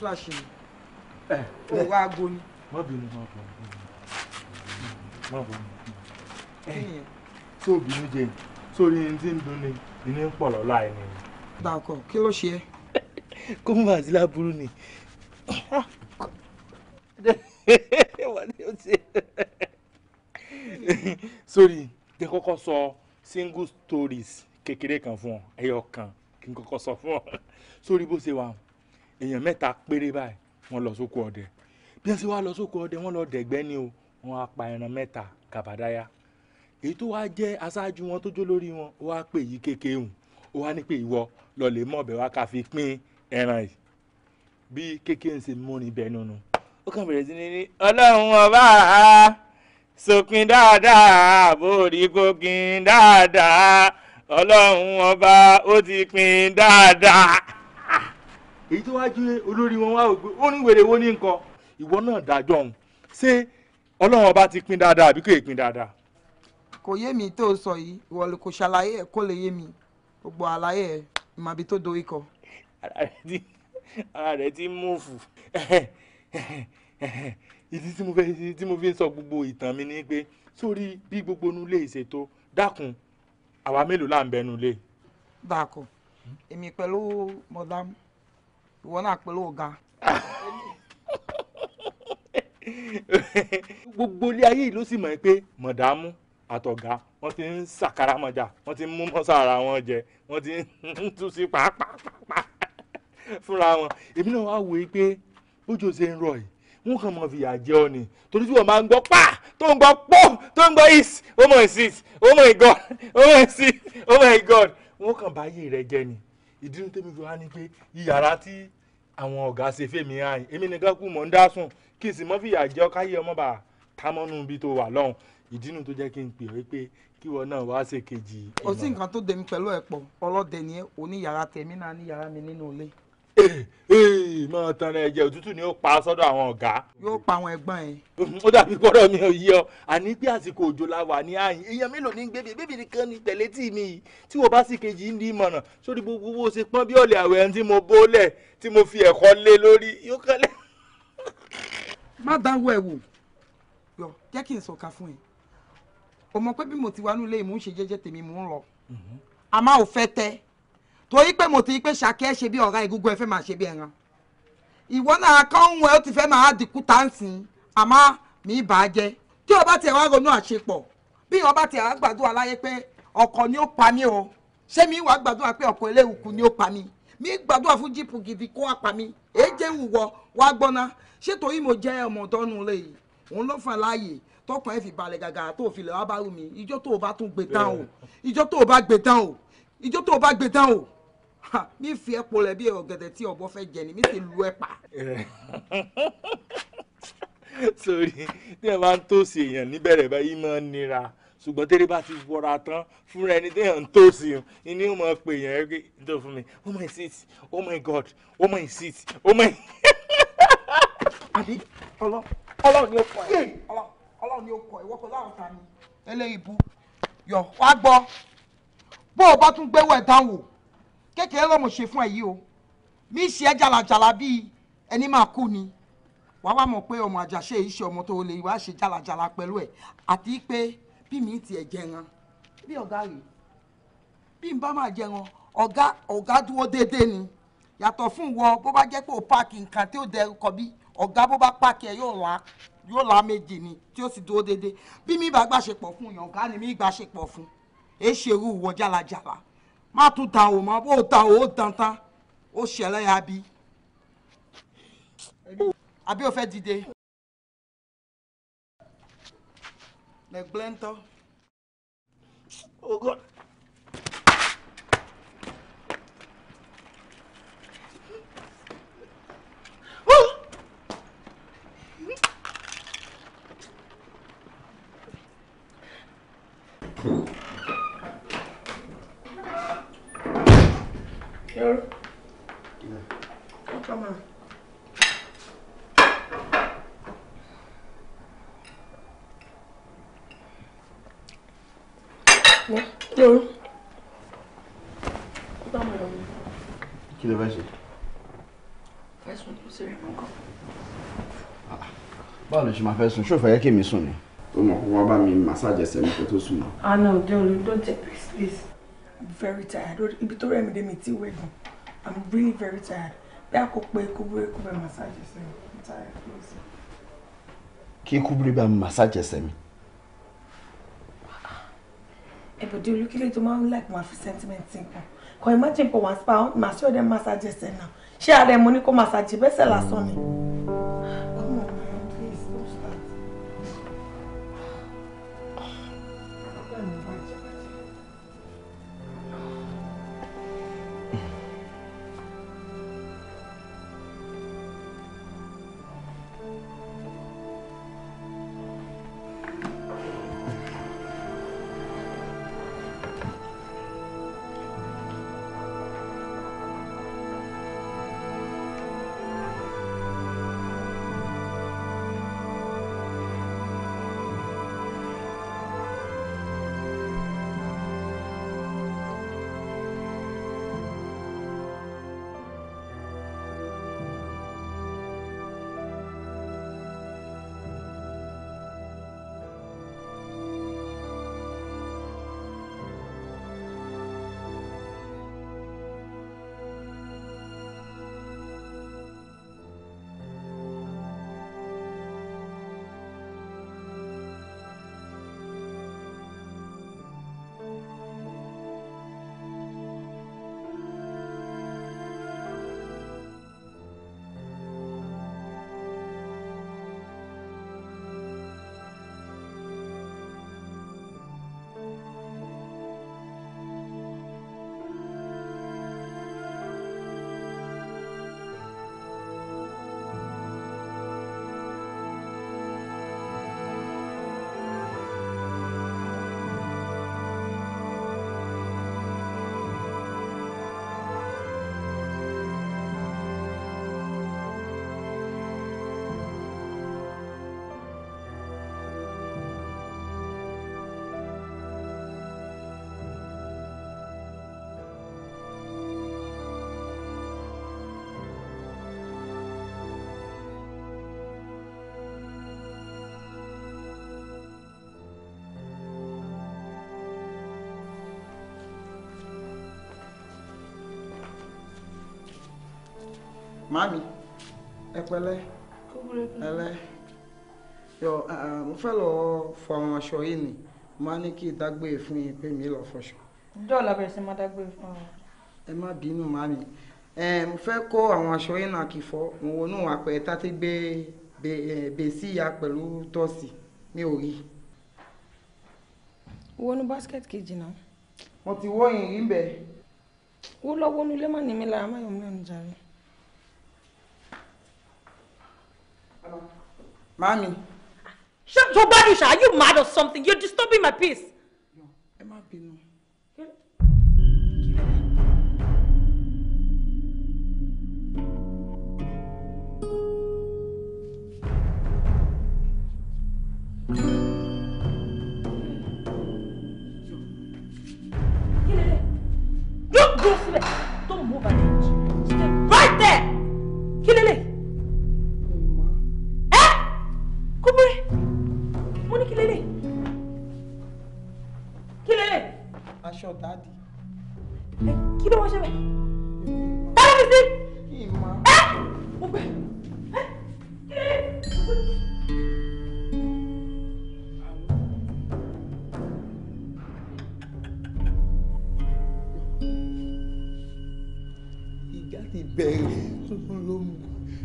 A: flash mi
D: ò eh, eh. wá
A: aago ni. má bínú má bọ̀ má bọ̀ ẹ tí ò bínú jẹ sórí ní tí ń dun ni ìní ń pọ̀ lọ́la ẹni. gbàǹkan kí ló ṣe é. kó mú àti láburú ni. sórí jẹ́ kọ́kọ́ sọ single stories kékeré kan fún ọ ẹyọ kan kí n kọ́kọ́ sọ fún ọ sórí bó ṣe wà èèyàn mẹ́ta péré báyìí wọ́n lọ sóko ọdẹ bí wọ́n sì wá lọ sóko ọdẹ wọ́n lọ dẹ̀gbẹ́ ni o wọ́n á pa ẹran mẹ́ta gàbàdáyà èyí tó wá jẹ́ aṣáájú wọn tó jó lórí wọn ó wá pè yí kékeré hùn ó wá ní pé ìwọ lọ lè mọ̀ ọ̀bẹ wá ká fi pín ẹran yìí bí kékeré ń ṣe múrin bẹ́ẹ̀ nínú ó kàn bẹ̀rẹ̀ sí ní ní ọlọ́run ọba sópin dáadáa àbórí gbógin dáadáa ọlọ́run ọba ó ti pín dáadáa èyí tó wá jẹ́ olórí wọn wá ògbé ó ní wèrè wo ní nǹkan ìwọ náà dájọ́ òun ṣé ọlọ́run ọba ti pín dáadáa àbí kò yẹ pín dáadáa. kò yé mi tó o sọ yìí ìwọ kò ṣàlàyé ẹ kó lè yé mi gbogbo àlàyé ẹ ìmọ̀bí tó dorí kọ. ara rẹ ti ń múfù ìdí tí mo fi ń sọ gbogbo ìtàn mi ni pé sórí bí gbogbo nulẹ̀ ìṣètò dákun àwa mélòó là ń bẹnu lé. dákun èmi pẹ̀lú mọ̀dámù ìwọ náà pẹ̀lú ọ̀gá. gbogbo ilé ayé yìí ló sì mọ̀ pé mọ̀dámú àtọ̀gá wọ́n ti ń sàkárà mọ́jà wọ́n ti ń mú mọ́sára wọn jẹ wọ́n ti ń tú sí pàápàá fúnra wọn èmi náà wá wòye pé bójú ṣe ń rọ yìí wọn kàn mọ fìyà jẹ ọ ni torí tí wọn máa ń gbọ́ pa tó ń gbọ́ pọ tó ń gbọ́ is oh my sis oh my god oh my sis oh my god wọn kàn bá yé rẹ jẹ ni ìdí ní tèmi fi wá ni pé iyàrá tí àwọn ọ̀gá ṣe fèmí àyìn èmi nìkan kú mọ̀ ń dá sùn kí n sì mọ́ fìyà jẹ́ káyé ọmọ bá tamọ́nú ibi tó wà lọ́hùn ìdí nu tó jẹ́ kí n pè ọ́ pé kí wọn náà wá ṣe kejì. kò sí nǹkan tó dèmi pẹ̀lú ẹ̀pọ̀ ọlọ́dẹ ni oníyàrá tèmi náà níyàrá mi nínú ilé máa tan ẹ jẹ òtútù ni ó pa sọ́dọ̀ àwọn ọ̀gá. yóò pa àwọn ẹ̀gbọ́n ẹ. ó dàbí gbọ́dọ̀ mi ò yí ọ àní pé àsìkò òjò la wà ní àyìn èèyàn mélòó ní gbèbè bèbè nìkan ni tẹ̀lé tì mí yìí tí wọ́n bá sì kejì ń di ìmọ̀ràn sórí gbogbo bó ṣe pọ́n bí ọ̀lẹ̀ àwẹ̀ tí mo bólẹ̀ tí mo fi ẹ̀kọ́ lé lórí yóò kẹ́lẹ́. má dáwọ́ ẹ̀ wò yọ jẹ́ kí n sọ̀ka fún ẹ o mọ̀ pé bí mo ti wá nílé ìmú ń ṣe jẹ́jẹ́ tèmi mò ń rọ àmọ́ mhm. ò fẹ́ tẹ́ torí pé mo ti rí pé ṣàkẹ́ ṣe bí ọ̀rá egungun ẹ fẹ́ máa ṣe bí ẹran ìwọ náà kọ́hún ẹ ó ti fẹ́ máa dìkú táǹsì àmọ́ mi bà á jẹ́ tí o bá tiẹ̀ wá ronú àṣepọ̀ bí o bá tiẹ̀ wá gbàdúrà láyé pé ọkọ ni ó pa mí o ṣé mi wàá gbàdúrà pé ọkọ eléwùkù ni ó pa mí mi gbàdúrà fún jíìpù gidi kó wá pa mí èé jẹ́ ìwọ wá gbọ́ná ṣé torí mo jẹ́ ọmọ ọ̀dọ́nu lè yìí òun ló fà láàyè tọkàn ẹ fi balẹ̀ gàgà tó fi lè wá bá rú mi ìjọ́ tó o bá tún gbé tán o ìjọ́ tó o bá gbé tán o ìjọ́ tó o bá gbé tán o mi fi ẹ̀pọ̀ lẹ̀ bí ọ̀gẹ̀dẹ̀ tí ọ̀bọ fẹ́ jẹ ni mi sì lu ẹ̀pà. sori tí ẹ máa ń tòsí èèyàn níbẹ̀rẹ̀ báyìí máa ń nira ṣùgbọ́n tẹ́lẹ̀ bá ti wọra tán fúnra ẹni téèyàn ń tòsí o ní o máa pè yàn ẹ́ tó fún mi oh my seat oh my god oh my seat oh my. àbí ọlọ Ọlọ́run ni ó kọ ẹ Ọlọ́run ni ó kọ ẹ wọkọ láwọn ta ni eléyìí bu yọ wá gbọ́ bó o bá tún gbé wẹ dáhùn kékeré lọ́mọ ṣe fún ẹ yìí o mi ṣe ẹ́ jalajala bíi ẹni máa kú ni wàá wá mọ̀ pé ọmọ àjàṣe yìí ṣe ọmọ tó lè wá ṣe jalajala pẹ̀lú ẹ̀ àti pé bí mi tiẹ̀ jẹran bí ọ̀gá rèé bí n bá máa jẹran ọ̀gá ọ̀gá dúró déédéé ni yàtọ̀ fún ìwọ bó bá jẹ́ pé o páàkì nǹkan tí ó dẹ ọkọ̀ bí ọ̀gá bó bá páàkì ẹ̀ yóò la yóò la méjì ni tí ó sì dúró déédéé bí mi bá gbàṣepọ̀ fún yàn ọ̀gá ni mi gbàṣepọ̀ fún èé ṣerú ìwọ jalajala má tún ta ò mọ bó ta ò ó dantan ó ṣẹlẹ̀ ya bí àbí o fẹ́ dìde. lẹ́gbẹ́ntọ́. Oh God. Sure. Yeah. Come on.
F: Lóru. Kí lè fẹ́ ṣe? Fẹ́sùn tó ṣe rí mọ́ kan.
B: Ah, báwo ló ṣe máa fẹ́ sùn? Ṣé o fẹ́ yẹ kí mi sùn ni? Ó mọ̀ kó wá bá mi màsáàjì ẹsẹ̀ mi kó tó sùn mọ́.
C: Àná òde olùdó jẹ́ please please very tired ibi tó rẹ̀mí dé mi ti wẹ̀ gan i'm really very tired bí a kò pé kúbúrẹ́ kúbẹ̀ massage ẹsẹ̀ mi i'm tired please.
A: kí kúbúrẹ́ bá massage ẹsẹ̀ mi.
C: ẹ̀bùdí olúkílẹ̀ tó máa ń like máa fi sentiment nǹkan kò imagine for one spa màá sí ọ̀dẹ̀ massage ẹsẹ̀ náà ṣé ara ẹ̀ mo ní kó massage bẹ́sẹ̀ lásán ni. Mm -hmm.
A: Mami, ẹ pẹ̀lẹ́ ẹlẹ yọ mo fẹ́ lọ fọ àwọn aṣọ yìí ni mo á ní kí n dágbé e fún yín pé mi lọ fọṣọ. dọ́ọ̀lù abẹ́rẹ́ sí máa dágbé e fún ọ. ẹ má bínú màámi mo fẹ́ kó àwọn aṣọ yìí náà kì í fọ mo wọnú àpẹ tàti gbé si, ya pẹ̀lú tọ́sì mi ò rí.
C: wọnú báskẹ̀tì kejì náà. mo ti wọ́ yìnyín bẹ́ẹ̀. wọ́n lọ wọnú ilé má ní mi lára má yọ̀ mí lẹ́nu jàre.
A: Mami. Somebody, are you mad or something? You're disturbing my peace. dáàdì. kí ló wọ́n ṣe bẹ́ẹ̀. dáná mi sí.
D: kí n máa. ẹ mo gbẹ.
A: ìjà ti bẹ̀rẹ̀ tuntun ló mú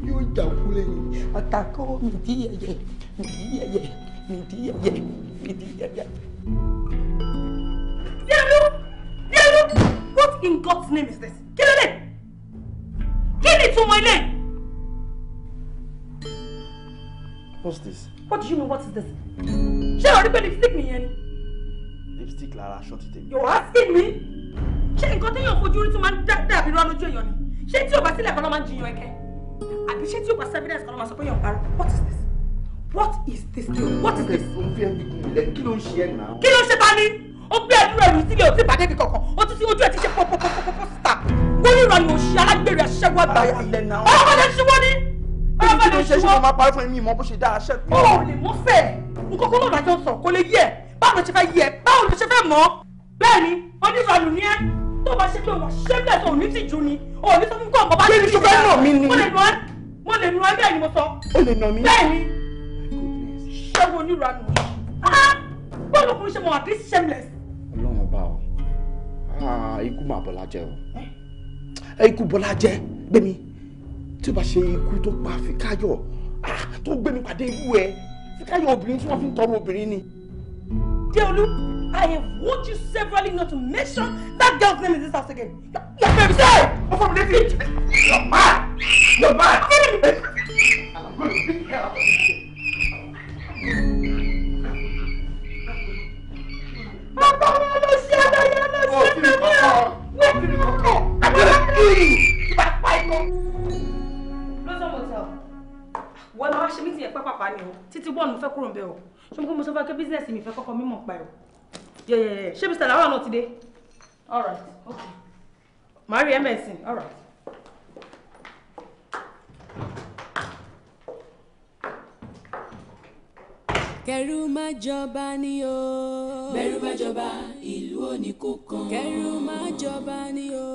A: yóò jà kúlẹ̀ ni àtàkọ́ mi díyẹyẹ mi díyẹyẹ mi díyẹyẹ mi díyẹyẹ.
C: What name is this? Kí ló lè?
A: Kí ni ìtumọ̀ ilé? What's this? What do you mean what is this? She already put lipstick nìyẹn ni? Lipstick Lara, shut it tèmi. You're asking me? Ṣé nǹkan téèyàn fojú rí tún máa ń dàbí rán I've been running to you, o bá sílẹ̀ kan ló máa ń jiyàn ẹ̀kẹ́? Àbí ṣé tí o bá sí evidence kan ló máa sọ pé èèyàn What is this? What is this? What is this? Kí ló ń ṣe ẹ̀ náà? Kí ló ń ó gbé ẹdúró ẹrù sílé ó ti bàdé mi kankan ó ti sí ojú ẹ ti ṣe pọpọpọpọpọ síta wọ́n ní ìrọ̀lẹ́ òṣì alágbèrè aṣẹ́gun àgbáyà ọlọ́mọdé ṣíwọ́ ni ọlọ́mọdé ṣíwọ́. kí ni kí ni ṣe ṣe máa parí fún mi ìmọ̀ bó ṣe dá aṣẹ́. ó lè mú fẹ́ nǹkan kó lọ́ọ̀dà jọ sọ kó lè yẹ báwo ló ṣe fẹ́ yẹ báwo ló ṣe fẹ́ mọ̀ bẹ́ẹ̀ ni onírọ̀lù ni ẹ́ tó bá ṣe pé wọ́n ṣe bẹ́ẹ̀ tó ní tìjú ni ò ní sọ fún kọ́ ọ̀bọ̀ bá ní tìjú rẹ̀ mo lè nu ẹ bẹ́ẹ̀ ni mo sọ. o lè nà mí. bẹ́ẹ̀ ni ṣẹ́gun onírọ̀lù bọ́ọ̀lù kò ń ṣe mọ̀ àbí shameless Ah, hmm. ikú mà bọ́lá jẹ́ o eh, ikú bọ́lá jẹ́ gbẹ̀mí tí o bá ṣe ikú tó pa Fíkáyọ̀ ah, tó gbẹ̀mí pàdé ikú ẹ Fíkáyọ̀ obìnrin tí wọ́n fi ń tọrọ obìnrin ni. Deolu, I have warned you severally not to mention that girl's name in this house again. Your baby say, ọfọ mi létí, your man, your man
D: àtàwọn olóṣì
A: àtàwọn olóṣì nàmíà wọ́n fi mú ọ àtàwọn kiri ìbá pa ikú. lọ́sọ̀ mọ̀tẹ́ ọ̀ wọ́n máa ṣe mítìyẹ pápápá
C: ni o títí bọ́ọ̀nù fẹ́ kúrò ń bẹ̀ o ṣé mo sọ fún ẹ pé bísíǹsì mi fẹ́ kọ́kọ́ mímọ̀ pa ẹ̀ o yẹ̀yẹ̀yẹ̀ ṣé mr lawal náà ti dé. all right okay. mary emerson all right.
F: kẹrù má jọba ni o. bẹ̀rù bá jọba ìlú òní kò kàn. kẹrù má jọba ni o.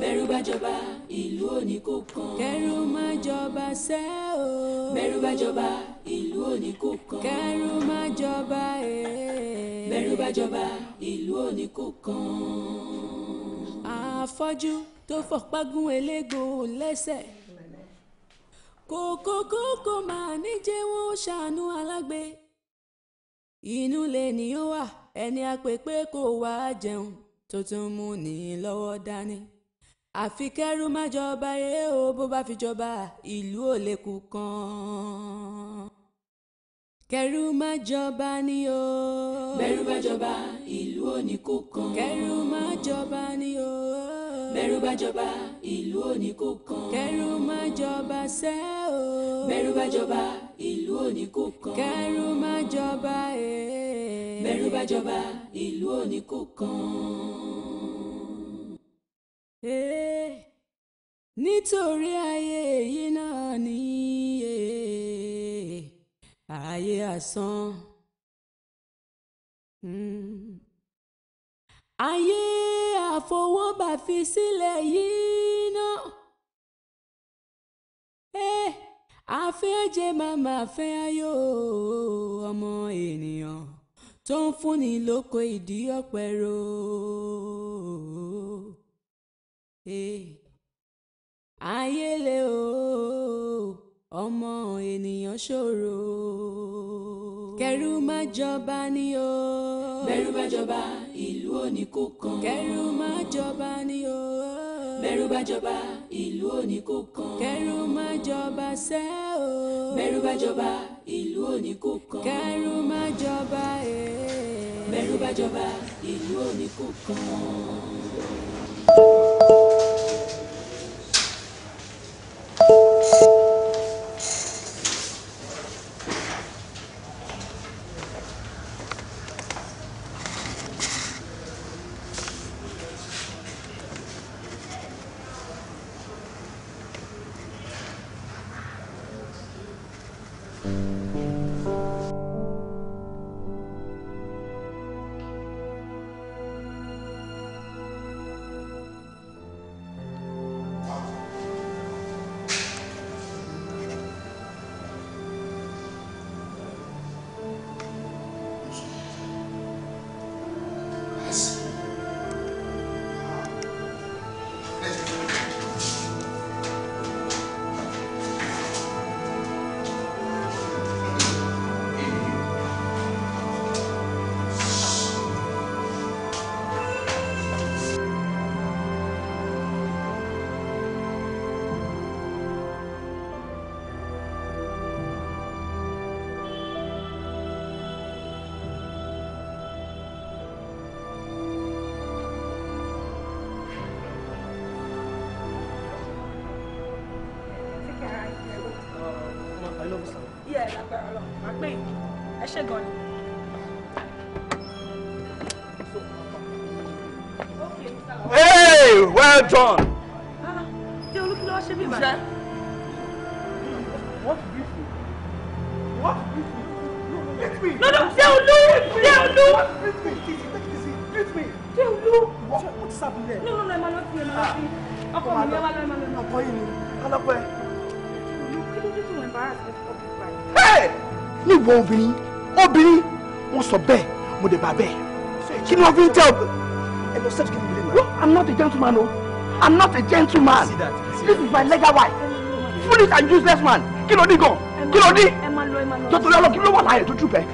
G: bẹ̀rù bá jọba
F: ìlú òní kò kàn. kẹrù má jọba sẹ́ o. bẹ̀rù bá jọba ìlú òní kò kẹrù má jọba ee. bẹ̀rù bá jọba ìlú òní kò àfọ́jú tó fọpá gún eléégún lẹ́sẹ̀ kòkòkòkò máa ní jẹ́wọ́ ṣàánú alágbe inú lè ní ó wà ẹni àpèpé kò wá jẹun tó tún mú ní lọ́wọ́ dání àfi kẹ́rù má jọba yé o bó bá fi jọba ìlú ò lè kú kan kẹ́rù má jọba ni o bẹ́rù bá jọba ìlú ò ní kú kan kẹ́rù má jọba ni o bẹ́rù bá jọba ìlú ò ní kú kan. kẹ́rù má jọba sẹ́ o. bẹ́rù bá jọba ìlú ò ní kú kan. kẹ́rù má jọba ee. bẹ́rù bá jọba ìlú ò ní kú kan. ee nítorí ayé èyí náà ní e. ayé àsán. Hmm ayé àfọwọ́bà fi sílẹ̀ yìí náà. ẹ eh, àfẹ́jẹ́ màmá fẹ́ ayọ̀ ọmọ ènìyàn tó ń fúnni lóko ìdí ọ̀pẹ ro. Eh, ayé lè o ọmọ ènìyàn ṣòro. kẹrù má jọba ni o. bẹ̀rù má jọba ìlú òní kú kan. kẹrù má jọba ni o.
G: bẹ́rù bá jọba
F: ìlú òní kú kan. kẹrù má jọba sẹ́ o. bẹ́rù bá jọba ìlú òní kan. kẹrù má jọba ee. Eh. bẹ́rù bá jọba ìlú òní kan.
C: yẹ lágbára lọ máa gbé yìí ẹ ṣe gan ni.
D: Hey, well done.
A: Ah, ṣé olúkìlọ́ ṣe bí ìbàdàn? What beauty? What beauty? No, no, ṣé olú? Ṣé olú? Treat me. Ṣé olú? What is happening there? No, no, no, ẹ máa lọ sí ẹ máa lọ sí. Ah. Ọkọ mi ni ẹ máa lọ ẹ máa No, no, no, ni. Ọlọ́pẹ́. Olú kí ló dé tí mo embarrass me for this guy? bẹ́ẹ̀ ní ìwọ obìnrin obìnrin wọ́n sọ bẹ́ẹ̀ mo dé bá bẹ́ẹ̀ kí ni wọ́n tẹ́ ọ. I'm not a gentleman, oh! I'm not a gentleman. This is my legal wife. Foolish and useless man. Kí ló dé gan? Kí ló dé?
F: Jọ́tọ̀rí ọlọ́ kí ló wà láàyè
A: tó tú bẹ́ẹ̀?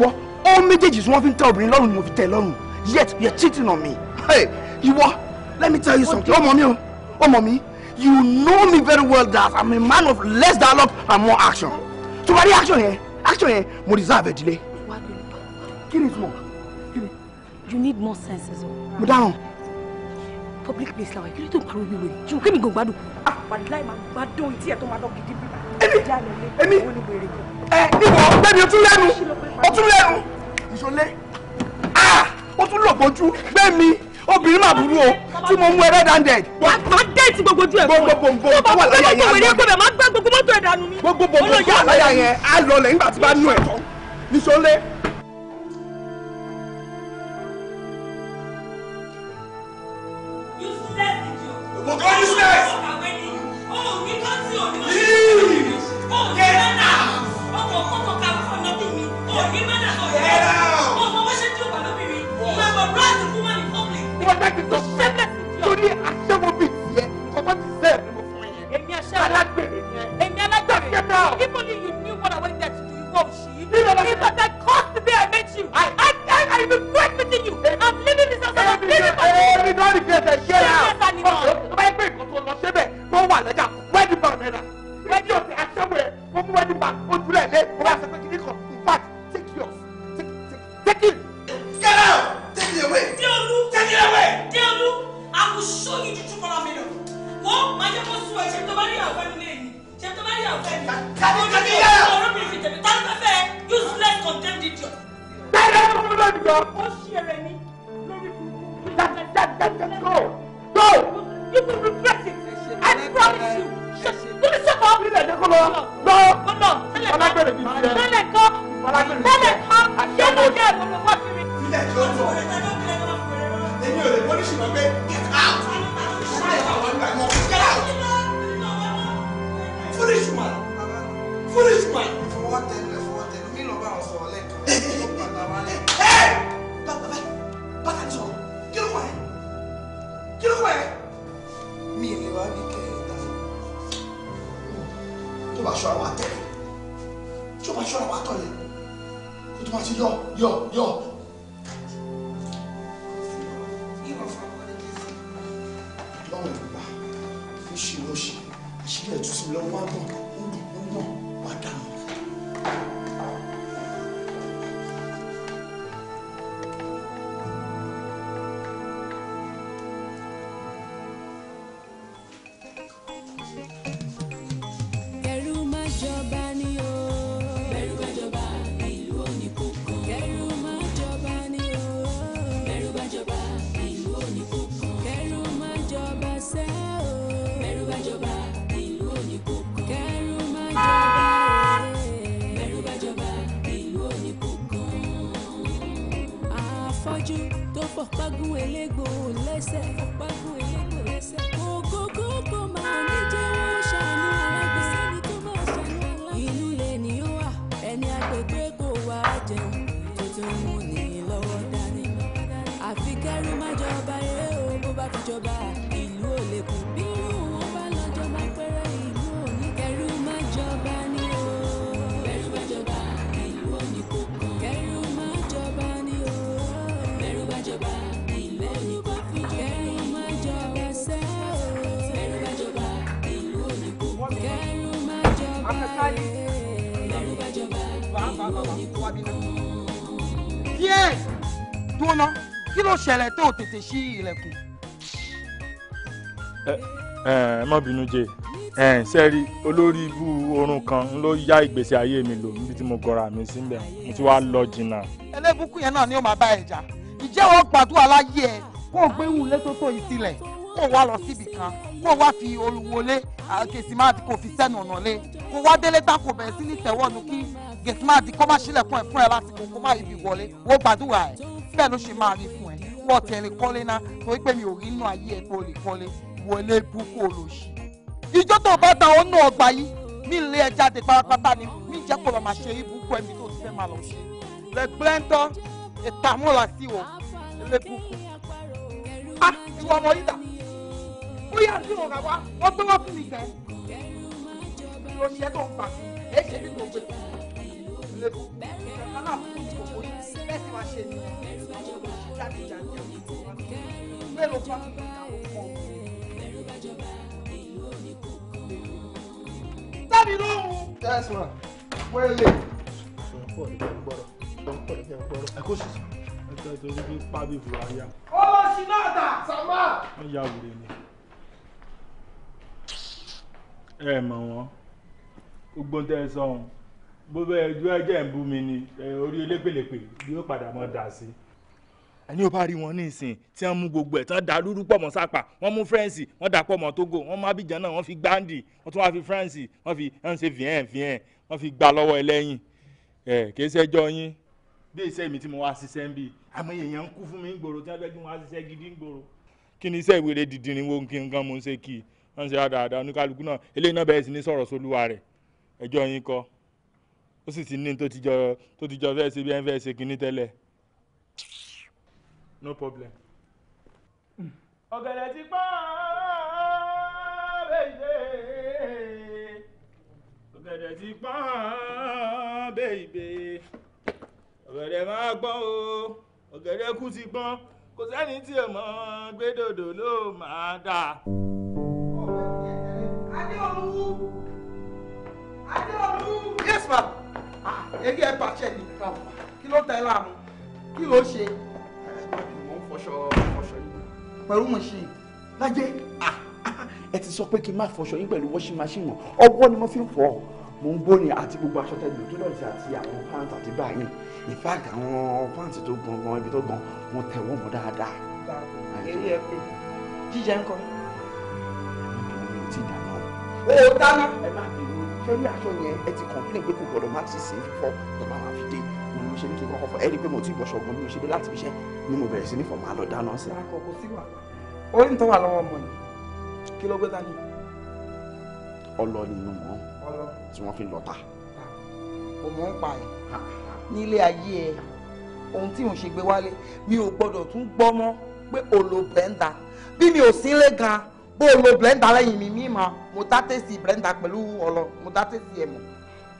A: Wọ́ ó méjèèjì tí wọ́n fi ń tẹ́ obìnrin lọ́rùn ni mo fi tẹ́ lọ́rùn. Yet you are cheating on me. Hey, ìwọ, let me tell you something. Ọmọ mi o, ọmọ mi, you know me very well that I'm a man of less dialogue and more action tó bá rí action yẹn action yẹn mo reserve ẹ̀ dílé. kí ni ìtumọ̀ kí ni.
C: you need more sense as well. mo public place làwọn ìkíni tó ń pariwo ìwé ju kí mi gbọ̀n
A: gbádùn. Ah! àpàdé máa gbádùn ìtí ẹ̀ tó máa lọ gidi bí. èmi èmi ẹ níbo bẹ́ẹ̀ni o tún lẹ́nu o tún lẹ́nu ìṣọlẹ ah o tún lọ gbójú gbẹmí obìnrin máa burú o tí mo mú ẹrẹ́ dandẹ̀. wà á déètì gbogbo ojú ẹ̀ fún ẹ. gbogbo gbogbo wà láyà yẹn. gbogbo gbogbo máa gbá gbogbo mọ́tò ẹ̀ dànù mi. gbogbo gbogbo wà láyà yẹn á lọlẹ̀ nígbà tí bá nù ẹ̀ tán níṣó lé. ẹ ní lọ́ọ̀rì kẹsẹ̀ get out ó ṣe rẹ̀ ní That, that, let that, go! Go! You will regret it! I promise you! Let me shut up! No! No! No! Tell it go! Let me go! Let it go! ṣẹlẹ̀ tó o tètè ṣí ilẹ̀kùn. ẹ ẹ má bínú jẹ ẹ sẹ́rí olórí ibú oorun kan ló yá ìgbésí ayé mi lò níbi tí mo gọra mi síbẹ̀ mo ti wá lọ jìnnà. ẹlẹ́bùkún yẹn náà ni ó máa bá ẹ jà ìjẹ́ wọn gbàdúrà láyé ẹ kó o gbé wù létótó yìí sílẹ̀ kó o wá lọ síbi kan kó o wá fi olùwọlé kèsìmáàdì kò fi sẹ́nu ọ̀nà lé kó o wá délé tá bẹ̀rẹ̀ sí ní tẹ̀wọ́nu kí kèsìmáàdì kó má sílẹ̀kùn ẹ̀ fún ẹ lásìkò kó má ibi wọlé wọ́n gbàdúrà ẹ̀ bẹ́ẹ̀ ló ṣe máa rí f wọ́ tẹ̀lé kọ́lé náà torí pé mi ò rí inú ayé ẹ̀ tó lè kọ́lé wọlé búkú olóṣì. ìjọ tó bá ta ọ̀nà ọgbà yìí mi lé ẹ jáde pátápátá ni mi jẹ́ kó lọ́ọ́ máa ṣe ibùkún ẹ̀mí tó ti fẹ́ máa lọ ṣe. le blender ìtàmúlà sí wọ elébùkún. a ah, ìwọ ọmọ yìí dà ó yà sí òun àwa wọ́n tó wọ́n fún mi gan. ìròyìn ẹ̀ tó ń fà é ṣe bí bẹ́ẹ̀ sì wá ṣe ni àwọn olóṣèlú jáde jáde mélòó kan kò
B: dábì lóhùn. yes ma
A: wẹ́lẹ̀. sọ̀rọ̀ pọ̀ lè jẹun gbọ́rọ̀ sọ̀rọ̀ pọ̀ lè jẹun gbọ́rọ̀ ẹ kó sì sọ. ẹ tẹ́ tó ní bí pábí ìfura yá. ó lọ sí náà dà sàmà. wọ́n ya wèrè ni. ẹ mọ̀ wọ́n gbogbo ń tẹ́ ẹ sọ̀hún bó bẹ́ẹ̀ ju ẹjẹ́ ń bú mi ni orí elépèlépè yóò padà mọ́ dà sí. ẹni ó bá rí wọn ní ìsìn tí wọ́n mú gbogbo ẹ̀ tán dà lúrú pọ̀ mọ́ sápà wọ́n mú fẹ́ǹsì wọ́n dà pọ̀ mọ́ tógò wọ́n mú abidjan náà wọ́n fi gbáǹdì wọ́n tún wá fi fẹ́ǹsì wọ́n fi ẹ̀ ń ṣe fìhẹ́n fìhẹ́n wọ́n fi gbà lọ́wọ́ ẹlẹ́yìn ẹ̀ kì í ṣẹjọ́ yín bí iṣẹ́ mi tí mo wá ṣiṣẹ́ ń bì àmọ́ èèyàn ń kú fún mi ń gbòòrò tí wọ́n fẹ́ kí wọ́n wá ṣiṣẹ́ gidi ń gbòòrò. kí ni iṣẹ́ ìwé dídìrín wo kí nǹkan mo ń ṣe kí wọ́n ṣe àdáadáa oníkálukú náà eléyìí náà bẹ̀rẹ̀ sí ní sọ̀rọ̀ sólúwa rẹ̀ ẹjọ́ yín kọ́ ó sì ti ní tó ti jọ tó ti jọ fẹ́ẹ́ ṣe bí ẹ ń ṣe kinní tẹ́lẹ̀ no problem. ọ̀gẹ̀dẹ̀ ti pọ́n bèbè ọ̀gẹ̀dẹ̀ ti pọ́n bèbè ọ̀gẹ̀dẹ̀ máa gbọ́n o ọ̀gẹ̀dẹ̀ kú ti gbọ́n kò sẹ́ni tí ò mọ̀ gbé ló máa dà. adéolú adéolú. yes ma. Ah, eré ẹ bàṣẹ ni kí ló tẹ láàmú kí ló ṣe. ẹ má bí mò ń fọṣọ fọṣọ yìí. pẹ̀lú machine. lájẹ́ ah, ẹ ti sọ pé kí n má fọṣọ yín pẹ̀lú washing machine mọ́ ọwọ́ ni mo fi ń fọ mo ń bóni àti gbogbo aṣọ tẹ́lẹ̀ tó dọ̀tí àti àwọn pant àti báyìí in fact àwọn pant tó gan gan ibi tó gan wọn tẹ̀ wọ́n mọ́ dáadáa. jíjẹ ń kọ. ẹ dáná. ẹ má bí rí aṣọ yẹn ẹ ti complain pé kò gbọdọ̀ má ti sè é fífọ́ tọ́ba máa fi dé mo ní mo ṣe ní kí n kọ́kọ́ fọ ẹ rí i pé mo ti bọ̀ṣọ̀ gan bí mo ṣe dé láti fi ṣẹ́ ni mo bẹ̀rẹ̀ sí ní fọ̀mọ́ àlọ́ dáná sí. àkọ́kọ́ sí wàhálà orí ń tọ́ wà lọ́wọ́ ọmọ yìí kí ló gbé dání. ọlọ ni inú mọ tí wọn fi lọta. ọmọ ń ah, pa ẹ nílé ayé ẹ ohun tí mò ń ṣe gbé wálé mi ò gbọdọ̀ tún gbọ́ mọ́ pé òlòbẹ́ ń bí mi ò sí lé gan-an bó o lo blender lẹ́yìn mi mi ma mo dá tẹ́sì blender pẹ̀lú ọlọ mo dá tẹ́sì ẹ̀ mọ̀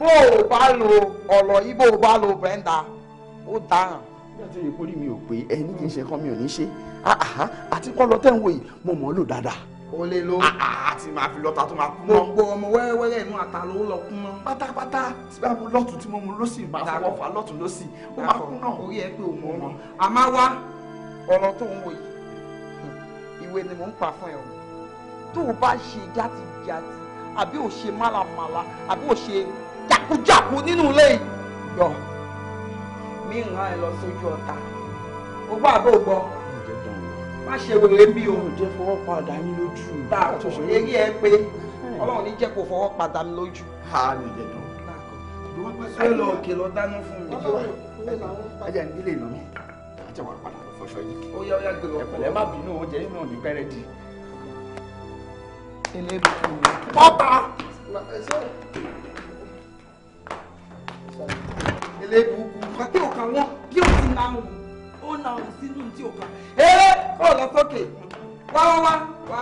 A: bó o bá lo ọlọ yìí bó o bá lo blender ó dáhàn. nígbà tí òye poli mi ò pé ẹ ní kí n ṣe nǹkan mi ò ní ṣe ah, ah, ah, àti kọ́ lọ tẹ́ ń wò yìí mo mọ̀ ọ́ lò dáadáa. o lè lo àti máa fi lọ́ta tó máa kú mọ́. gbogbo ọmọ wẹ́rẹ́wẹ́rẹ́ inú ata ló lọ kú mọ́. pátápátá tí bá mu lọ́tún tí mo mu lọ́sì máa fọwọ́ fà lọ́tún lọ́sì ó máa kú náà. orí ẹ pé òun ọmọ àmọ́ tó o bá ṣe játijàti àbí o ṣe málàmálà àbí o ṣe jákujáku nínú ilé yìí yọ mí ràn ẹ lọ sójú ọ̀tá o gbọ́ àbẹ́ ògbọ́ má ṣe wèrè mi o. yóò jẹ́ fọwọ́ padà yín lójú. láàkó eré ẹ pé ọlọ́run ní jẹ́ kó fọwọ́ padà mi lójú. ha mi jẹ tán. ṣé lọ òkè lọ dáná fún mi. ajá ní ilé ìlú mi àti àwọn àpàdà fọṣọ yìí. ó yá má bínú oúnjẹ yìí náà ní pẹ́rẹ́dì elébùkún mi. ọba elébùkún wa kí òkà wọn bí ó ti na òun ó na òun sínú tí òkà eré kó lọ sókè wá wá wá wá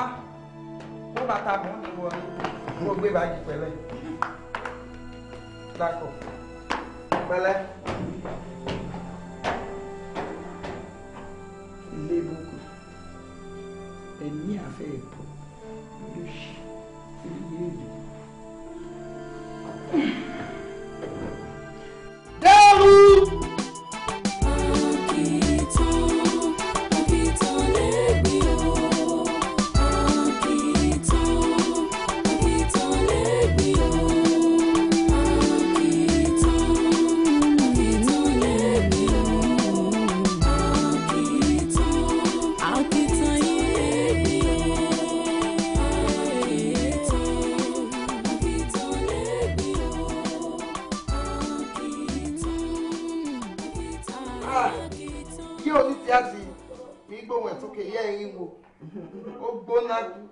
A: ó bàtà mọ́ ìwọ ni mo gbé báyìí pẹ̀lẹ́ dákọ̀ pẹ̀lẹ́. ilé ibùkún ẹ̀mí àfẹ́ ìbò
D: òṣì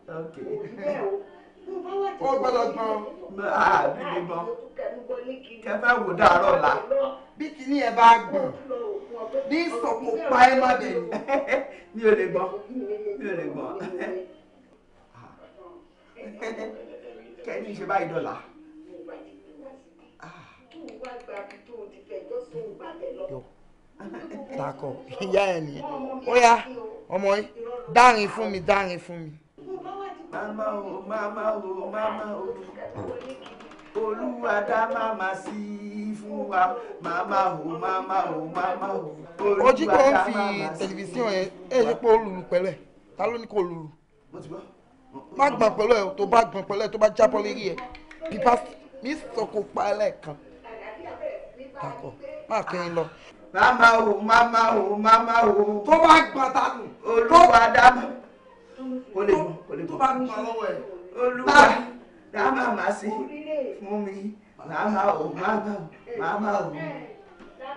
A: ó gbọ́dọ̀ gbọ́n. àbí ah, mi ah, gbọ́n kẹfẹ́ wò dàárọ̀ la. bí kinní ẹ bá gbọ̀n ní ìsọ̀kò pa ẹ má bẹ̀ ni. mi ò lè gbọ́n mi ò lè gbọ́n. kẹ́ni ṣe báyìí dọ̀là. Dàkọ̀ ah. ìyá ẹ̀ nìyẹn. Ó yá ọmọ yìí dárin fún mi dárin fún mi mama o mama o mama o olúwa dá mama sí fún wa mama o mama o mama o ojú kò ń fi tẹlifíṣàn yẹn ẹ ṣe pé ó lùlù pẹ̀lẹ́ ta ló ní kó lùlù má gbọ̀n pẹ̀lẹ́ o tó bá gbọ̀n pẹ̀lẹ́ tó bá jábọ́ lérí ẹ pípa mi sọkò pa ẹlẹ́ẹ̀kan takọ má kẹ́yìn lọ. mama o mama o mama o. tó bá gbọ́n ta nù. olúwa mama ó lè mọ ó lè mọ olúwa rámà má sí fún mi rámà ò má bà rámà ò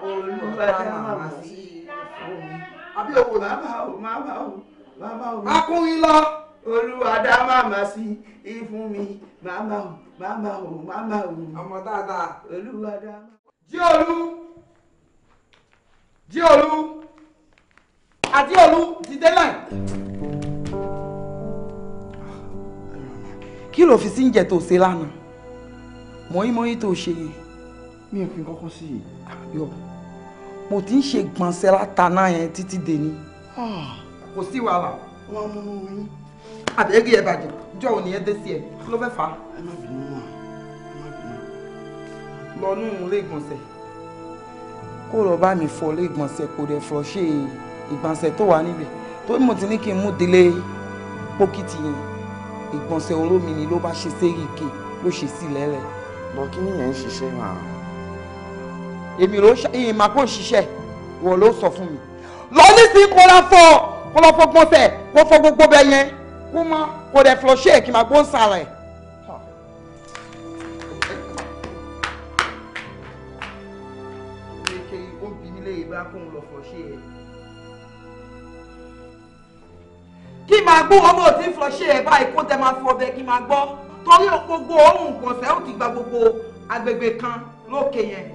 A: olúwa rámà má sí fún mi àbí òwò rámà ò má bà ò rámà ò. akúrin lọ olúwa dá màmá sí ìfún mi màmá o màmá o màmá o. ọmọ dáadáa. olúwa dá màmá. jíolú jíolú àti olú ti dé láì. kí ló fi sí ń jẹ tó ṣe lánàá mọ́yínmọ́yín tó ṣe yẹn mi ò fi kọ́kọ́ sí i àbíọ̀ mo ti ń ṣe gbọ̀nsẹ̀ látàná yẹn títí dèní ah. kò sí wàhálà wọn mú un rí àtẹ̀yẹ́gì ẹ̀ bàjẹ́ jọ òní ẹ̀ dé sí ẹ̀ kí ló fẹ́ fà á. ẹ má bínú mọ́ ẹ má bínú. lọ nú ilé ìgbọ̀nsẹ̀ kó lọ bá mi fọ ilé ìgbọ̀nsẹ̀ kò dẹ̀ fọ ṣe ìgbọ̀nsẹ̀ tó wà níbẹ̀ tó mo ti ní kí n mú délé pókìtì yẹn ìgbọ̀nsẹ̀ oró mi ni ló bá ṣe sérí ike ló ṣe sí lẹ́lẹ̀. lọ kí nìyẹn ń ṣiṣẹ́ máa. èmi ló ṣe ìyìn máa kó ṣiṣẹ́ wọ́n ló sọ fún mi. lọ nísìnyí kó lọ fọ kó lọ fọ gbọ̀nsẹ̀ kó fọ gbogbo bẹ́ẹ̀ yẹn kó má kó dẹ̀ flọ́ṣẹ́ kí n máa gbọ́n sára kí máa gbọ́ ọmọ ò tí ń flọ́ṣẹ́ ẹ̀ báyìí kó tẹ máa fi ọbẹ̀ kí máa gbọ́ torí gbogbo ohun kọ̀ọ̀sẹ̀ ó ti gba gbogbo agbègbè kan lókè yẹn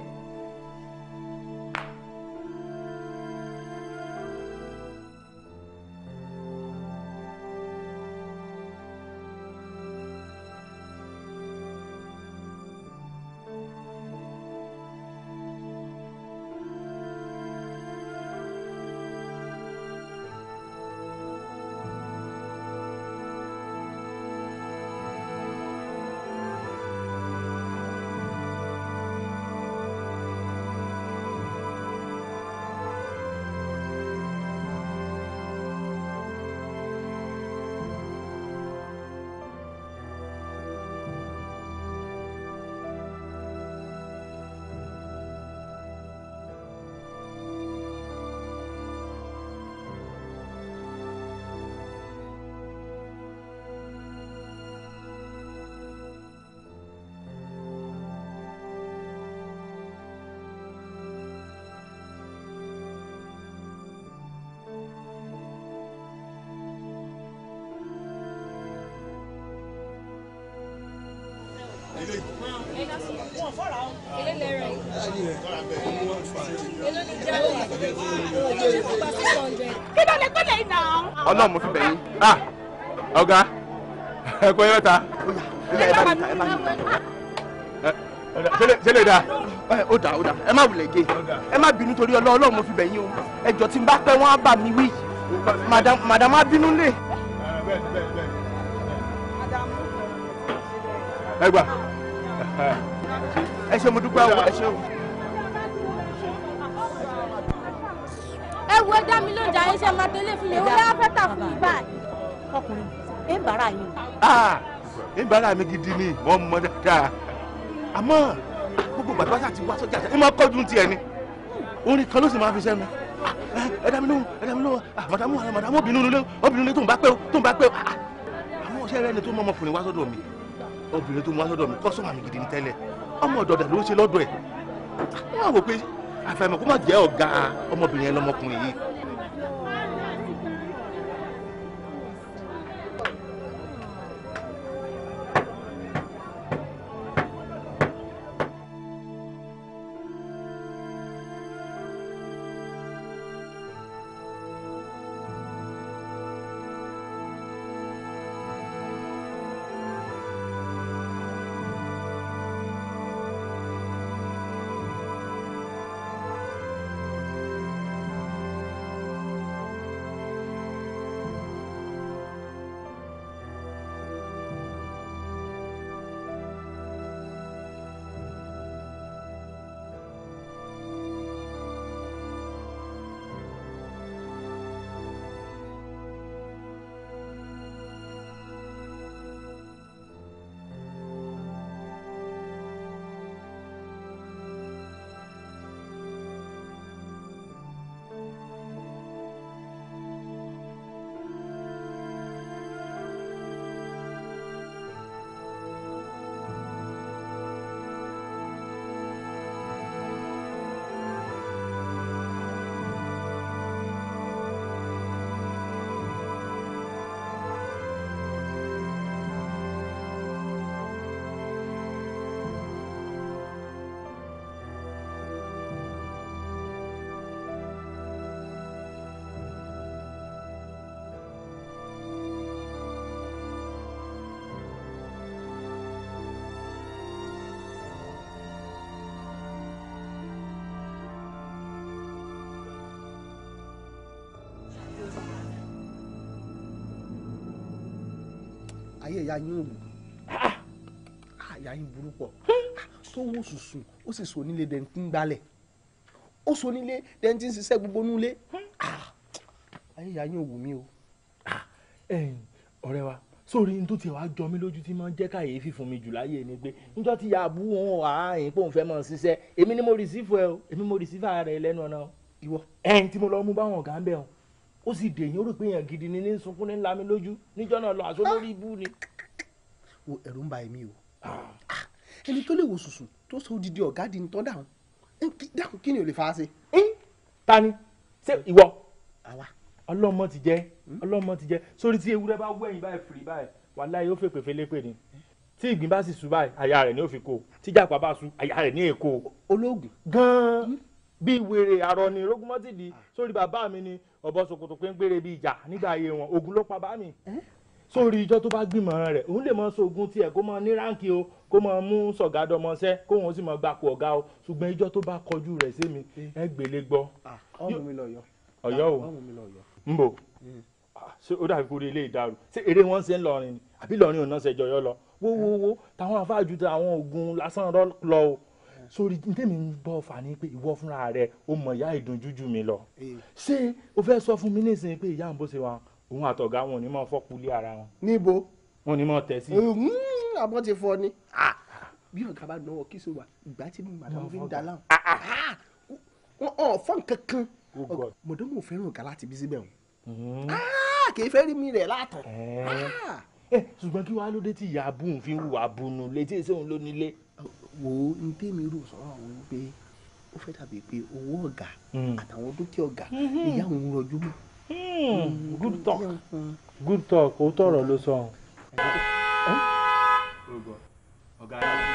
D: ilé
E: wọn fọ́ra o ilé lẹ́rẹ̀
D: èló ni jẹ́lẹ̀ èló ni bá six hundred. kí ló lè gbélé iná.
A: ọlọ́run mo fi bẹ̀ ah, ọ̀gá ẹ kọ́ yọ̀ta ilé ẹ ó da ó da ẹ má wulẹ̀ gé ẹ má bínú torí ọlọ́run mo fi bẹ̀ o ẹ tí n bá pẹ́ wọ́n á bà mí wí madam á bínú lé. ẹ gbà gbà wọ́n ẹ ṣe wù.
E: ẹ wo ẹdá mi lóúnjẹ ayé ṣe máa délé fún
A: mi ewúrẹ́ wá fẹ́ tà fún mi báyìí. ọkùnrin ẹ ń bára yín. ẹ ń bára mi gidi ni mo mọ dáadáa àmọ́ gbogbo bàbá sá ti wá sọ́jà ẹ máa kọ́jú tiẹ̀ ni orin kan ló sì máa fi sẹ́nu ẹ mi lóhùn ẹ mi lóhùn màdàmú màdàmú obìnrin nílé obìnrin nílé tó ń bá pẹ́ o tó ń bá pẹ́ o àwọn ọ̀sẹ̀ rẹ ni tó mọ́ ọmọkùnrin wá sọ́dọ̀ mi obìnrin tó mú wá sọ́dọ̀ mi kọ́ sọ́mà mi gidi ní tẹ́lẹ̀ ọmọ ọ̀dọ̀dà ló ń ṣe lọ́dọ̀ ẹ̀ wọ́n á wò pé àfàìmọ̀ kó má jẹ́ ọ̀gá ọmọbìnrin ẹ lọ́mọkùnrin yìí ayé ìyá yín ò lò ah. ah, ìyá yín burú pọ̀ tó wó sùsù ó sì sọ nílé dẹ́ntì ń gbalẹ̀ ó sọ nílé dẹ́ntì ń ṣiṣẹ́ gbogbo nílé ah, ayé ìyá yín ò wù o. ọ̀rẹ́ wa sórí ní tó ti wàá jọ mí lójú tí máa ń jẹ́ kàyéfì fún mi jù láyé ni pé níjọ́ tí ya bú wọn àárín pé òun fẹ́ mọ̀ ṣiṣẹ́ èmi ni mo rìsífù ẹ o èmi mo rìsífù ara ẹ lẹ́nu ọ̀nà o. ìwọ ẹ̀yìn tí mo lọ mú báwọn ọ̀gá ń bẹ̀ wọn ó sì dèyìn ó rò pé èèyàn gidi ni ní sunkún ní lami lójú níjọ́ náà lọ àṣọ lórí ibú ni. wo ẹ̀rù ń ba èmi o ah. Ah, ẹni tó lè wo sùsùn tó so odidi ọ̀gá di ń tọ́ dáhùn dáhùn kí ni ò lè fa ṣe. ta ni ṣé ìwọ ọlọ́mọ ti jẹ́ hmm? ọlọ́mọ ti jẹ́ sórí tí ewúrẹ́ bá wẹ̀yìn báyìí fìrí báyìí wàláhì ó fèpè fẹlẹ́pẹ̀ ni hmm? tí ìgbín bá sì sùn báyìí àyà rẹ̀ ni ó fi kó tí jàpá bá sùn àyà rẹ̀ ní èkó. olóògùn. gan-an hmm? bíi wèrè àrọ ni rogunmọ́tì di ah. sórí bàbá mi ni ọ̀bọ ṣòkòtò péńpéré bíi ìjà nígbà ayé wọn ogun ló pa bá mi sórí ìjọ tó bá gbìmọ̀ rẹ̀ òun lè mọ sógun tiẹ̀ kó mọ ní ráǹkì o kó mọ mú sọ̀gádọ́mọṣẹ́ kó wọn sì mọ gbapò ọ̀gá o ṣùgbọ́n ìjọ tó bá kọjú rẹ̀ sí mi ẹ gbélé gbọ́. ọmọ mi lọ yọ. ọyọ o n hmm. ó dàbí kúrò ilé ìdarú ṣé eré wọn ṣe ń lọrin ni àbí lọrin ò náà ṣe jọyọ lọ wo wo wo táwọn afáàjù táwọn ogun lásán lọ o sórí tèmi ń bọ́ fà ní pé ìwọ fúnra rẹ ó mọ ìyá ìdùnjú jù mí lọ ṣé o fẹ́ sọ fún mi nísìnyí pé ìyá àǹbó ṣe wa òun àtọ̀gá wọn ò ní mọ fọ́kulé ara wọn. níbo wọn ò ní mọ tẹ̀ sí. Hmm, àbọ̀ ti fọ ni ah! bí ọ̀gá bá náwó kí so wà ìgbà tí màdàmú fi ń da láwọn wọn ò fọ́n kankan mọ̀dọ́mọ̀ oh fẹ́ràn ọ̀gá láti bí síbẹ̀ wọn mm-hmm. ah! kì í fẹ́ rí mi rẹ̀ látàn. Eh. Ah! Eh, ṣùgbọ́n kí wàá ló dé tí ìyá abúùn fi ń wà abúnú létí èsè òun ló nílé wo ní tèmi rò sọ̀rọ̀ àwọn wípé ó fẹ́ dàbí pé owó ọ̀gá hmm. àtàwọn dúkìá ọ̀gá hmm. ìyá òun rọjú mọ́. Hmm.
G: good talk good talk ó tọrọ ló sọ.
B: ọ̀gá ah,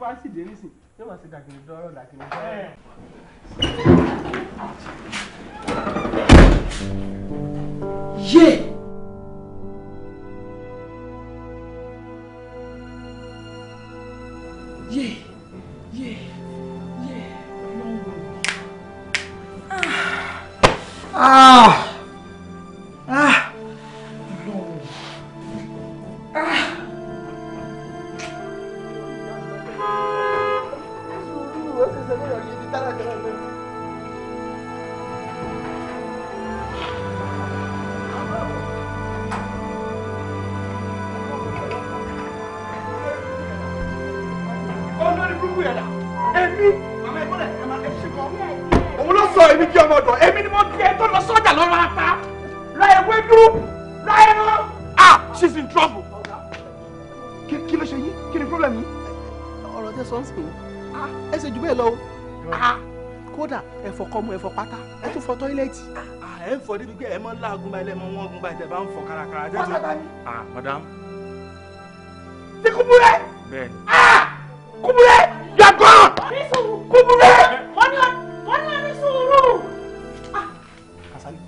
A: bá sì dé nísìn yóò máa ṣe dàgìrì dọ́rọ̀ dàgìrì dọ́rọ̀. yé. Yeah. bá for fọ kárakára ah madam. ti kúmúrẹ́. Ben. ah kúmúrẹ́ You are gone. ní wọ́n ní sùúrù.
D: Kasali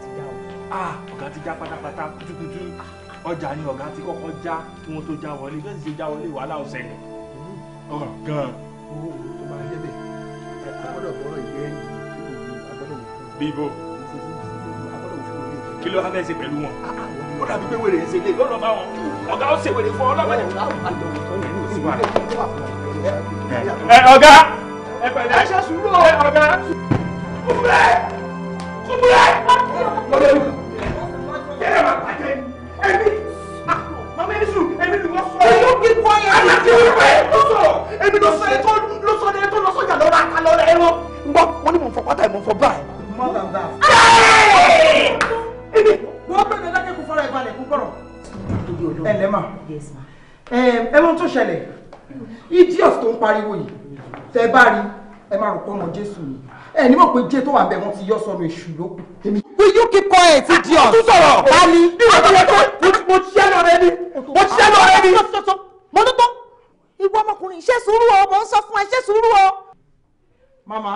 D: Ah, ti já o
A: ah! Ah! ọ̀gá ti já pátápátá kútúkútú ọjà ni ọ̀gá ti kọ́kọ́ já kí wọ́n tó já wọlé bẹ́ẹ̀ sì ṣe já wọlé wàhálà ọ̀sẹ̀ Oh, ọ̀gá gan. owó tó máa yẹ bẹ́ẹ̀ ẹ̀ àgbọ̀dọ̀ bọ̀rọ̀ ìgbẹ́ yìí. bíbó kí ló wá fẹ́ ṣe pẹ̀lú wọn. ó ah, ah, dàbí pé wèrè ṣe lé lọ́dọ̀ bá ọ̀gá ó ṣe wèrè fún ọ lọ́wọ́ ẹ̀. ẹ ọ̀gá ẹ pẹ̀lẹ́ ẹ ọ̀gá kúbúrẹ́ kúbúrẹ́. pariwo yìí tẹ́ bá rí ẹ máa rò pé ọmọ jésù ni ẹ ní mọ̀ pé jẹ́ tó wà bẹ́ẹ̀ wọ́n ti yọ sọnù èṣù lókun. will you keep quiet ah, idiot. o tún sọ̀rọ̀ bali. ní wọ́n ti yẹ kó mo ṣiṣẹ́ lọ rẹ ni mo ṣiṣẹ́ lọ rẹ ni. mo ní tó ìwọ ọmọkùnrin ṣe sùúrù o mo ń sọ fún ẹ ṣe sùúrù o. mama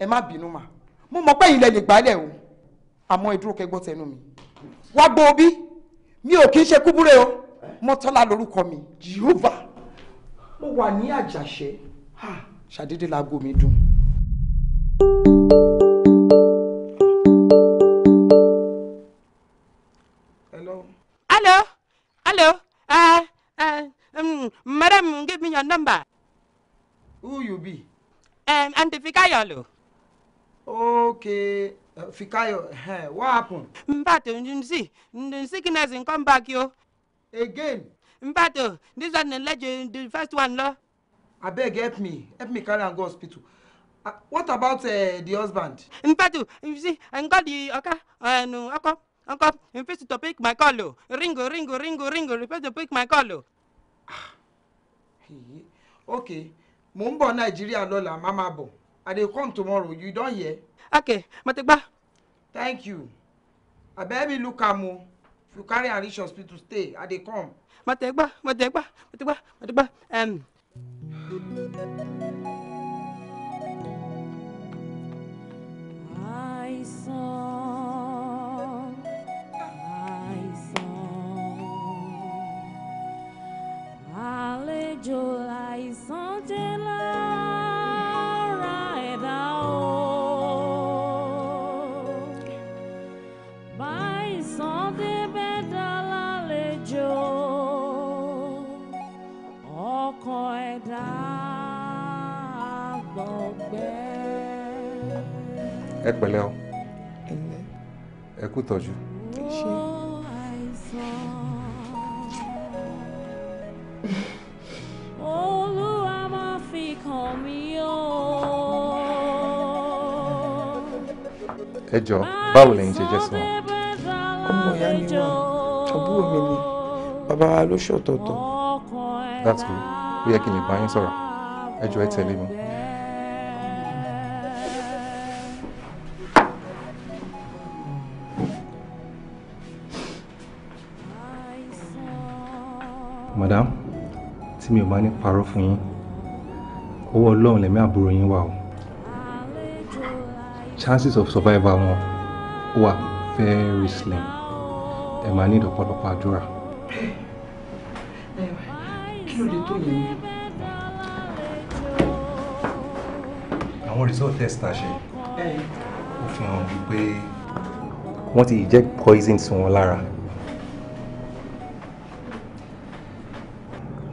A: ẹ má bínú ma mo mọ̀ pé ilẹ̀ lè gbálẹ̀ o àmọ́ ẹ dúró kẹgbọ́ tẹnu mi wá gbọ́ bí mi ò kí ń ṣe kúbúrẹ́ o mọ́tọ́lá lórúkọ mi Jehovah mo wà ní àjàṣẹ́ ṣàdédé láago mi dùn.
E: hello. hello hello
A: uh, uh, um, madam give me your number. who you be. Um, aunty Fikayolo. okay uh, Fikayo uh, what happen. in fact ndunsi ndunsi sickness n come back yo. again in this one let you the first one lo. abeg help me help me carry am go hospital uh, what about uh, the husband. in you see i call the oga and ọkọ ọkọ he refuse to pick my call o oh. Ringo, ringo, ringo, ringo. ring o oh, oh, to pick my call o. Ah, okay mo ń bọ̀ nàìjíríà lọ́la má má i dey come tomorrow you don hear. okay mo ti gbọ́. thank you abeg help me look am o if you carry am reach hospital stay i dey come. Matẹ̀gbá Matẹ̀gbá Matẹ̀gbá Matẹ̀gbá.
E: Àìsàn àìsàn àlejò àìsàn jẹ́.
G: ẹ pẹ̀lẹ́ o ẹ kú tọ́jú.
D: Olúwa
E: máa fi kàn mí o. ẹ jọ
G: báwo lẹ̀yin ṣe jẹ́ sí wọn.
D: ọmọ ìyá ni wọn àbúrò mi ni
G: bàbá wa ló ṣe ọ̀tọ̀ọ̀tọ̀. that's good ó yẹ kí n lè bá yín sọ̀rọ̀ ẹ jọ ẹ tẹ̀lé mi. madam tí mi ò bá ní parọ́ fún yín owó ọlọ́run lẹ̀mí àbúrò yín wà o chances of survival wọn wà very slim ẹ máa ní ìdọ̀pọ̀lọpọ̀ àdúrà.
D: kí ló dé tó yẹ mí.
G: àwọn result test náà ṣe ó fi hàn wípé wọ́n ti inject poison sí wọn lára.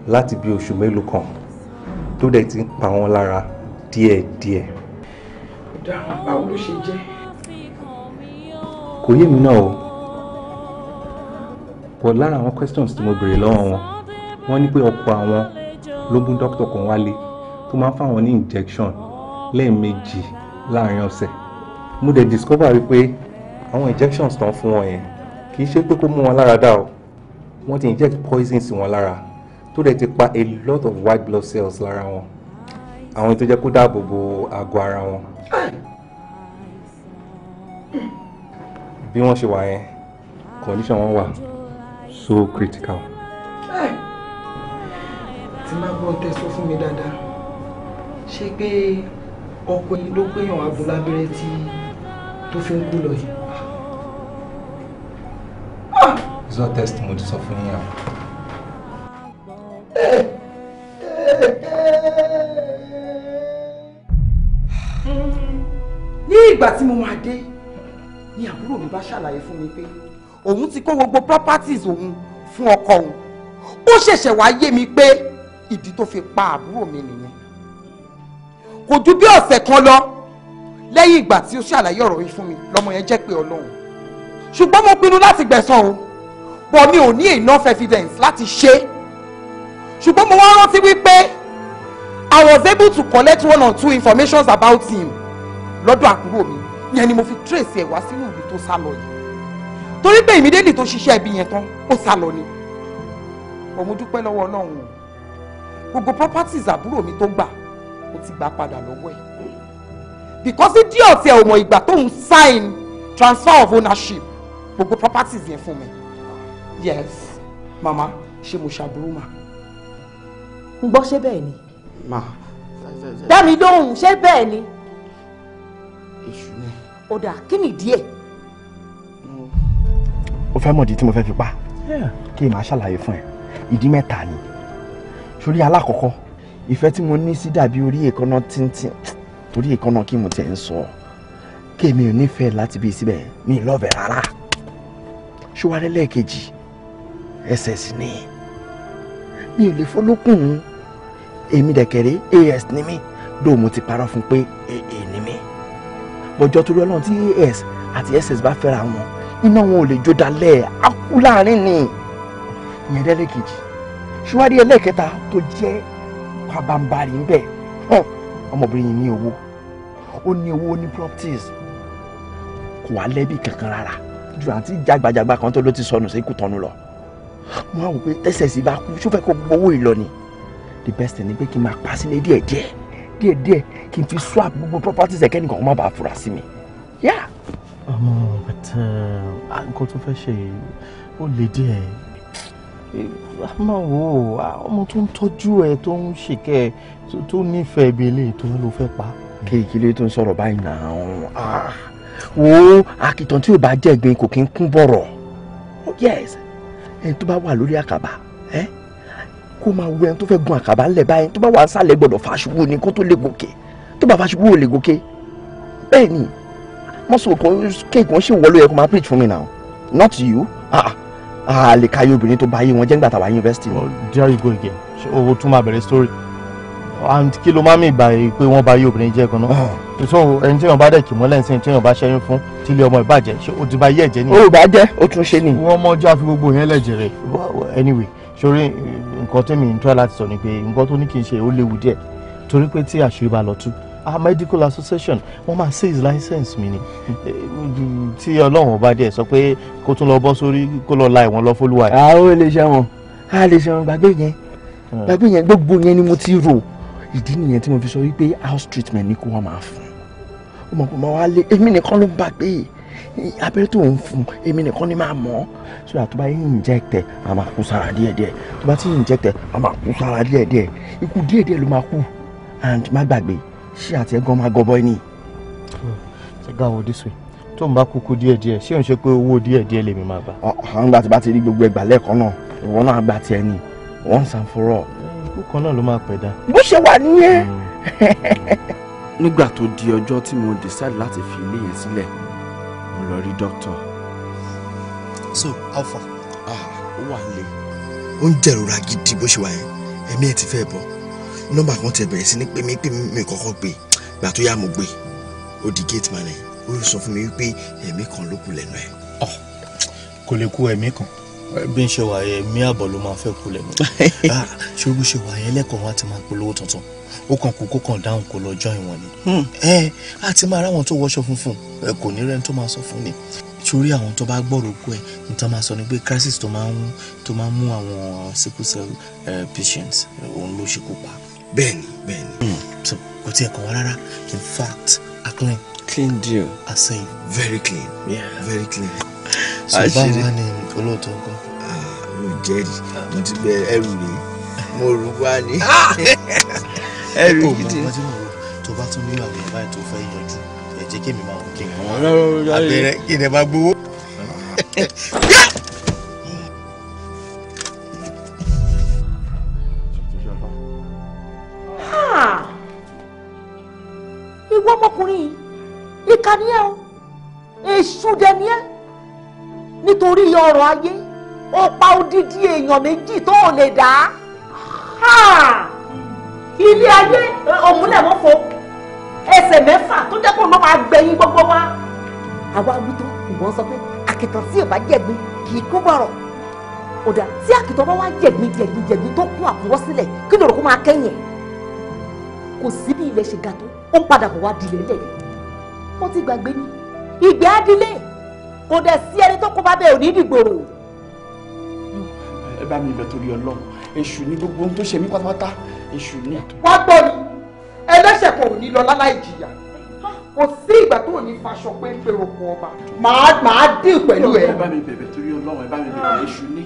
G: láti bí oṣù mélòó kan tó dẹ̀ ti ń pa wọ́n lára díẹ̀díẹ̀.
A: ọ̀daràn báwo ló ṣe jẹ́.
G: kò yé mi náà o pọ̀ lára àwọn questions tí mo béèrè lọ́wọ́ wọn wọ́n ní pé ọ̀pọ̀ àwọn ló mú dókítà kan wálé tó máa ń fáwọn ní injection lẹ́ẹ̀mejì láàrin ọ̀sẹ̀ mo dẹ̀ discover wípé àwọn injections tán fún wọn yẹn kì í ṣe pé kó mú wọn lára dá o wọ́n ti inject poison sí wọn lára tó dẹ̀ ti pa a lot of white blood cells lára wọn àwọn tó jẹ́ kó dáàbò bo àgọ́ ara wọn. bí wọ́n ṣe wà yẹn condition wọn wà so critical.
A: tí má gbọ́ tẹ sọ fún mi dáadáa ṣé pé ọkọ yìí ló péyàn abúlábẹ́rẹ́ tí tó fi ń kú lọ yìí.
G: it's not testimony sọ fún yín àwọn
A: ní ìgbà tí mo máa dé ni àbúrò mi bá ṣàlàyé fún mi pé òun ti kó gbogbo properties òun fún ọkọ òun ó ṣẹ̀ṣẹ̀ wá yé mi pé ìdí tó fi pa àbúrò mi nìyẹn kò ju bí ọ̀sẹ̀ kan lọ lẹ́yìn ìgbà tí ó ṣàlàyé ọ̀rọ̀ yìí fún mi lọ́mọ yẹn jẹ́ pé ọlọ́run ṣùgbọ́n mo pinnu láti gbẹ̀san o bọ̀ mi ò ní enough evidence láti ṣe é ṣùgbọ́n mo wá rántí wípé I was able to collect one or two informations about him lọ́dọ̀ àkúrò mi yẹn ni mo fi trace ẹ̀ wá sínú ìlú tó sá lọ yìí torí pé immediately tó ṣiṣẹ́ ibi yẹn tán ó sá lọ ni mo mú dúpẹ́ lọ́wọ́ ọlọ́run o gbogbo properties àbúrò mi tó gbà ó ti gbà padà lọ́wọ́ ẹ̀ because idiot ẹ̀ ò mọ̀ ìgbà tó ń sign transfer of ownership gbogbo properties yẹn fún mi yes mama ṣe mo ṣàbúrò mà ń gbọ́ ṣé bẹ́ẹ̀ ni. ma dá mi lóhùn ṣé bẹ́ẹ̀ ni. èṣù ni. ó dà kí ni díẹ̀. o fẹ́ mọ̀dí tí mo fẹ́ fi pa kí n máa ṣàlàyé fún ẹ ìdí mẹ́ta ni sórí alákọ̀ọ́kọ́ ìfẹ́ tí mo ní sí dàbí orí èékánná tíntín torí èékánná kí mo tẹ̀ ń sọ kémi ò nífẹ̀ẹ́ láti bí síbẹ̀ ní ìlọ́ọ̀bẹ̀ rárá ṣùwárẹ́lẹ́ẹ̀kejì ẹsẹ̀ sì ni mi ò lè fọlọ́kùn un èmi dẹ̀kẹ̀rẹ́ as ni mí dóò mo ti parọ́ fún pé aa ni mí bọ́jọ́ torí ọlọ́run tí as àti ss bá fẹ́ra wọn iná wọn ò lè jó dalẹ̀ á kú láàrin ni ìyẹn dẹ́lẹ́kejì ṣíwájú ẹlẹ́kẹta tó jẹ́ pabambarì ń bẹ̀ hàn ọmọbìnrin yìí ní owó ó ní owó ní properties kò wá lẹ́bí kankan rárá ju àǹtí jágbajàgba kan tó ló ti sọnù sí kùtọ́nù lọ mo á wò pé ẹsẹ̀ sì bá kú ṣó fẹ́ kó gbowó ìlọ ni the best thing ni pé kí n máa pa sílé díẹ̀ díẹ̀ díẹ̀ díẹ̀ kí n fi swap gbogbo properties ẹ̀ kẹ́nìkan kó má bàa fura sí mi.
B: ọmọ bàtà uh, nǹkan tó fẹ́ ṣe ó le díẹ̀ a máa wò ó ọmọ tó ń tọ́jú ẹ tó ń ṣèkẹ́ tó nífẹ̀ẹ́ ibi eléyìí tó ló fẹ́ pa. kéèkì ló tó ń sọ̀rọ̀ báyìí nà án ah, wo àkìtàn
A: tí ò bá jẹ̀gbin kò kí ń kún bọ̀rọ̀ oh, yes ẹni tó bá wà lórí àkàbà ẹ kó máa wo ẹni tó fẹ́ gun àkàbà ńlẹ̀ báyìí tó bá wà nsàlẹ̀ gbọ́dọ̀ fàṣubú ni kó tó lè gòkè tó bá fàṣubú ò lè gòkè bẹ́ẹ̀ ni mọ́sọ̀ kan kéèkì wọn ṣì wọ́ ló yẹ kó máa preach fún mi now not you ah ah lè ka yé obìnrin tó bá yé wọn jẹ́ ńgbà
B: yunifásitì. there you go again owó tún máa bẹ̀rẹ̀ story and kí ló máa mi ìgbà yìí pé wọ́n bá yí obìnrin jẹ́ gan-an ah. so ẹni tí yàn bá dẹ̀ kì mọ́lẹ̀ sí tí yàn bá ṣẹ́yún fún tí ilé ọmọ ìbàjẹ́ ṣe o ti ba yí ẹ̀jẹ̀ ni. o ò bá jẹ́ o tún ṣe ni. wọ́n mọ jẹ́ àfi gbogbo yẹn lẹ́jẹ̀ rẹ̀ anyway sori nǹkan mi ń tọ́ láti sọ ni pé nǹkan tó ní kí n ṣe ó léwu díẹ̀ torí pé tí àṣírí bá lọ tú our medical association wọ́n máa seize license mi ni tí ọlọ́run bá díẹ̀ sọ pé kó tún lọ bọ́ sórí kó lọ la ìwọ̀n lọ fólúwa. a ó lè ṣe wọn a lè ṣe wọn gbàgbé yẹn
A: hmm. gbàgbé yẹn gbogbo yẹn ni mo ti rò ìdí nìyẹn tí mo fi sọ wípé house treatment ni kó wọ́n máa fún ó mọ̀ pé máa wá lé èmi nìkan ló ń bá gbé abẹ́rẹ́ tó ń fún èmi nìkan ni máa mọ̀ so that tó bá yín injected a máa kú sára díẹ̀díẹ̀ tó bá ti injected a máa kú sára díẹ̀díẹ̀ ikú díẹ̀díẹ̀ ló máa kú and má gbàgbé ṣé àti ẹ̀gbọ́n máa gọbọ ẹni. ṣe gá wọ dísè tó ń bá kúkú díẹ̀díẹ̀ ṣé òun ṣe pé owó díẹ̀díẹ̀ lèmi máa gbà. àwọn gbà tí bá ti rí gbogbo ẹgbàá lẹ́ẹ̀kan náà ìwọ náà gbà tiẹ̀ ni once and for all
B: ikú kan náà ló máa pẹ̀dá. bó
A: ṣe wà nìyẹn. Hmm. nígbà tó di ọjọ́ tí mo decide láti fi ilé yẹn sílẹ̀ mo lọ rí dókítà.
B: so how far. ah ó wà nílé.
A: ó ń jẹ̀rora gidi bó ṣe wà yẹn ẹ̀mí ẹ̀ ti fẹ́ bọ̀ nọ́mbà kan ti bẹ̀rẹ̀ sí ní pé mi pé mi kọ́kọ́ gbé gbà tó yá mo gbé ó di gate man ẹ̀ ó sọ fún mi wípé ẹ̀mí kan
B: ló kù lẹ́nu ẹ̀. Oh, kò lè kú ẹ̀mí kan bí n ṣe wà yẹn mí àbọ̀ ló máa fẹ́ kú lẹ́nu ah, ṣé bó ṣe wà yẹn lẹ́kọ̀ọ́ wọn á ti máa polówó tuntun ó kàn kú kó kàn dáhùn kó lọ join wọn ni hmm. ẹ á ti máa ráwọn tó wọṣọ funfun ẹ kò ní rẹni tó máa sọ fún ni torí àwọn tó bá gbọ́rọ̀ kú ẹ nítorí máa sọ ni pé crisis tó máa ń tó máa ń mú àwọn sickle cell patients òun ló ṣekú pa. bẹ́ẹ̀ni bẹ́ẹ̀ni. Hmm. kò tiẹ̀ kàn wá rárá in fact a clean. clean deal. I say very clean. Yeah. very clean. so báwo wá ni olóòótọ́ nǹkan
A: ló jẹ́rìí mo ti bẹ ẹrù rèé mo rú wá ní ah! ẹrù gidi.
B: tó bá tún ní àwọn ìyá tó fẹ́ yanjú ẹ kí èmi máa wọ kí n kàn án abẹ́rẹ́ kí n máa gbowó.
A: Ah! ìwọ ọmọkùnrin yìí ìkànnì ẹ o èṣù dẹ ni ẹ nítorí ọrọ̀ ayé ó pa odidi èèyàn méjì tó ò lè dá ilé ayé òmùlẹ̀mọ́fọ́ ẹsẹ̀ mẹ́fà tó jẹ́ kó ló máa gbẹ̀yìn gbogbo wa. àwa wítọ́ ìwọ́n sọ pé àkìtàn sí ìbá jẹ̀gbin kì í kó bọ̀rọ̀ ọ̀dà tí àkìtàn bá wá jẹ̀gbin jẹ̀gbin jẹ̀gbin tó kún àfọwọ́ sílẹ̀ kí lóòrò kó máa kẹ́yìn ẹ̀ kò sí bí ilẹ̀ ṣe ga tó ó ń padà bọ̀ wá dilẹ̀ lẹ̀ wọ́n ti gbàgbé ni ìgbẹ́ adilé kò dẹ̀ sí ẹni tó kó bá bẹ́ẹ̀ ò dìgbòrò ẹ bá mi bẹ̀ torí Ọlọ́run èṣù ni gbogbo ohun tó ṣe mí pátápátá èṣù ni. wá gbọ́ mi ẹlẹ́ṣẹ̀ kan ò ní lọ láláì jìyà kò sí ìgbà tó ní faṣọ pé ń pèrò kọ ọba màá màá dín pẹ̀lú ẹ. ẹ bá mi bẹ̀bẹ̀ torí Ọlọ́run ẹ bá mi bẹ̀bẹ̀ èṣù ni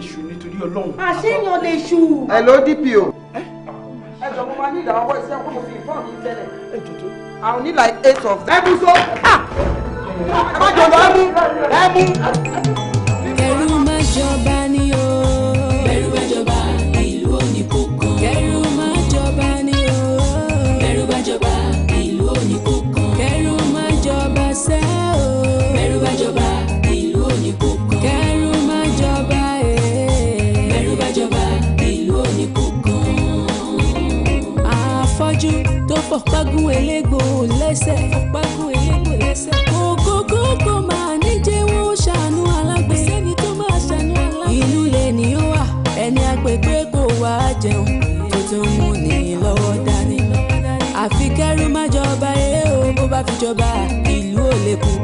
A: èṣù ni torí Ọlọ́run. àṣeyàn lè ṣù. ẹ ló dpo. ẹ jọ mo máa ní ìdáwọ́ iṣẹ́ kó mo fi ìfọ́ mi tẹ́lẹ̀. ẹ jòjó. I will need like eight of them. ẹ mú so. ẹ má jọ̀dọ̀ ẹ mú ẹ mú. ẹ̀rù má jọba.
F: fọ̀págùn elégbò lẹ́sẹ̀ fọ̀págùn elégbò lẹ́sẹ̀. ògógógó máa ní jẹ́wọ́ ṣàánú alágbe sẹ́ni tó máa ṣàánú alágbe. ìlú lè ní ó wà ẹni àpèké kò wá jẹun tó tún mú ní lọ́wọ́ dání. àfi kẹ́rù má ẹ̀ eh o oh, bó bá fi jọba ìlú ò lè kú.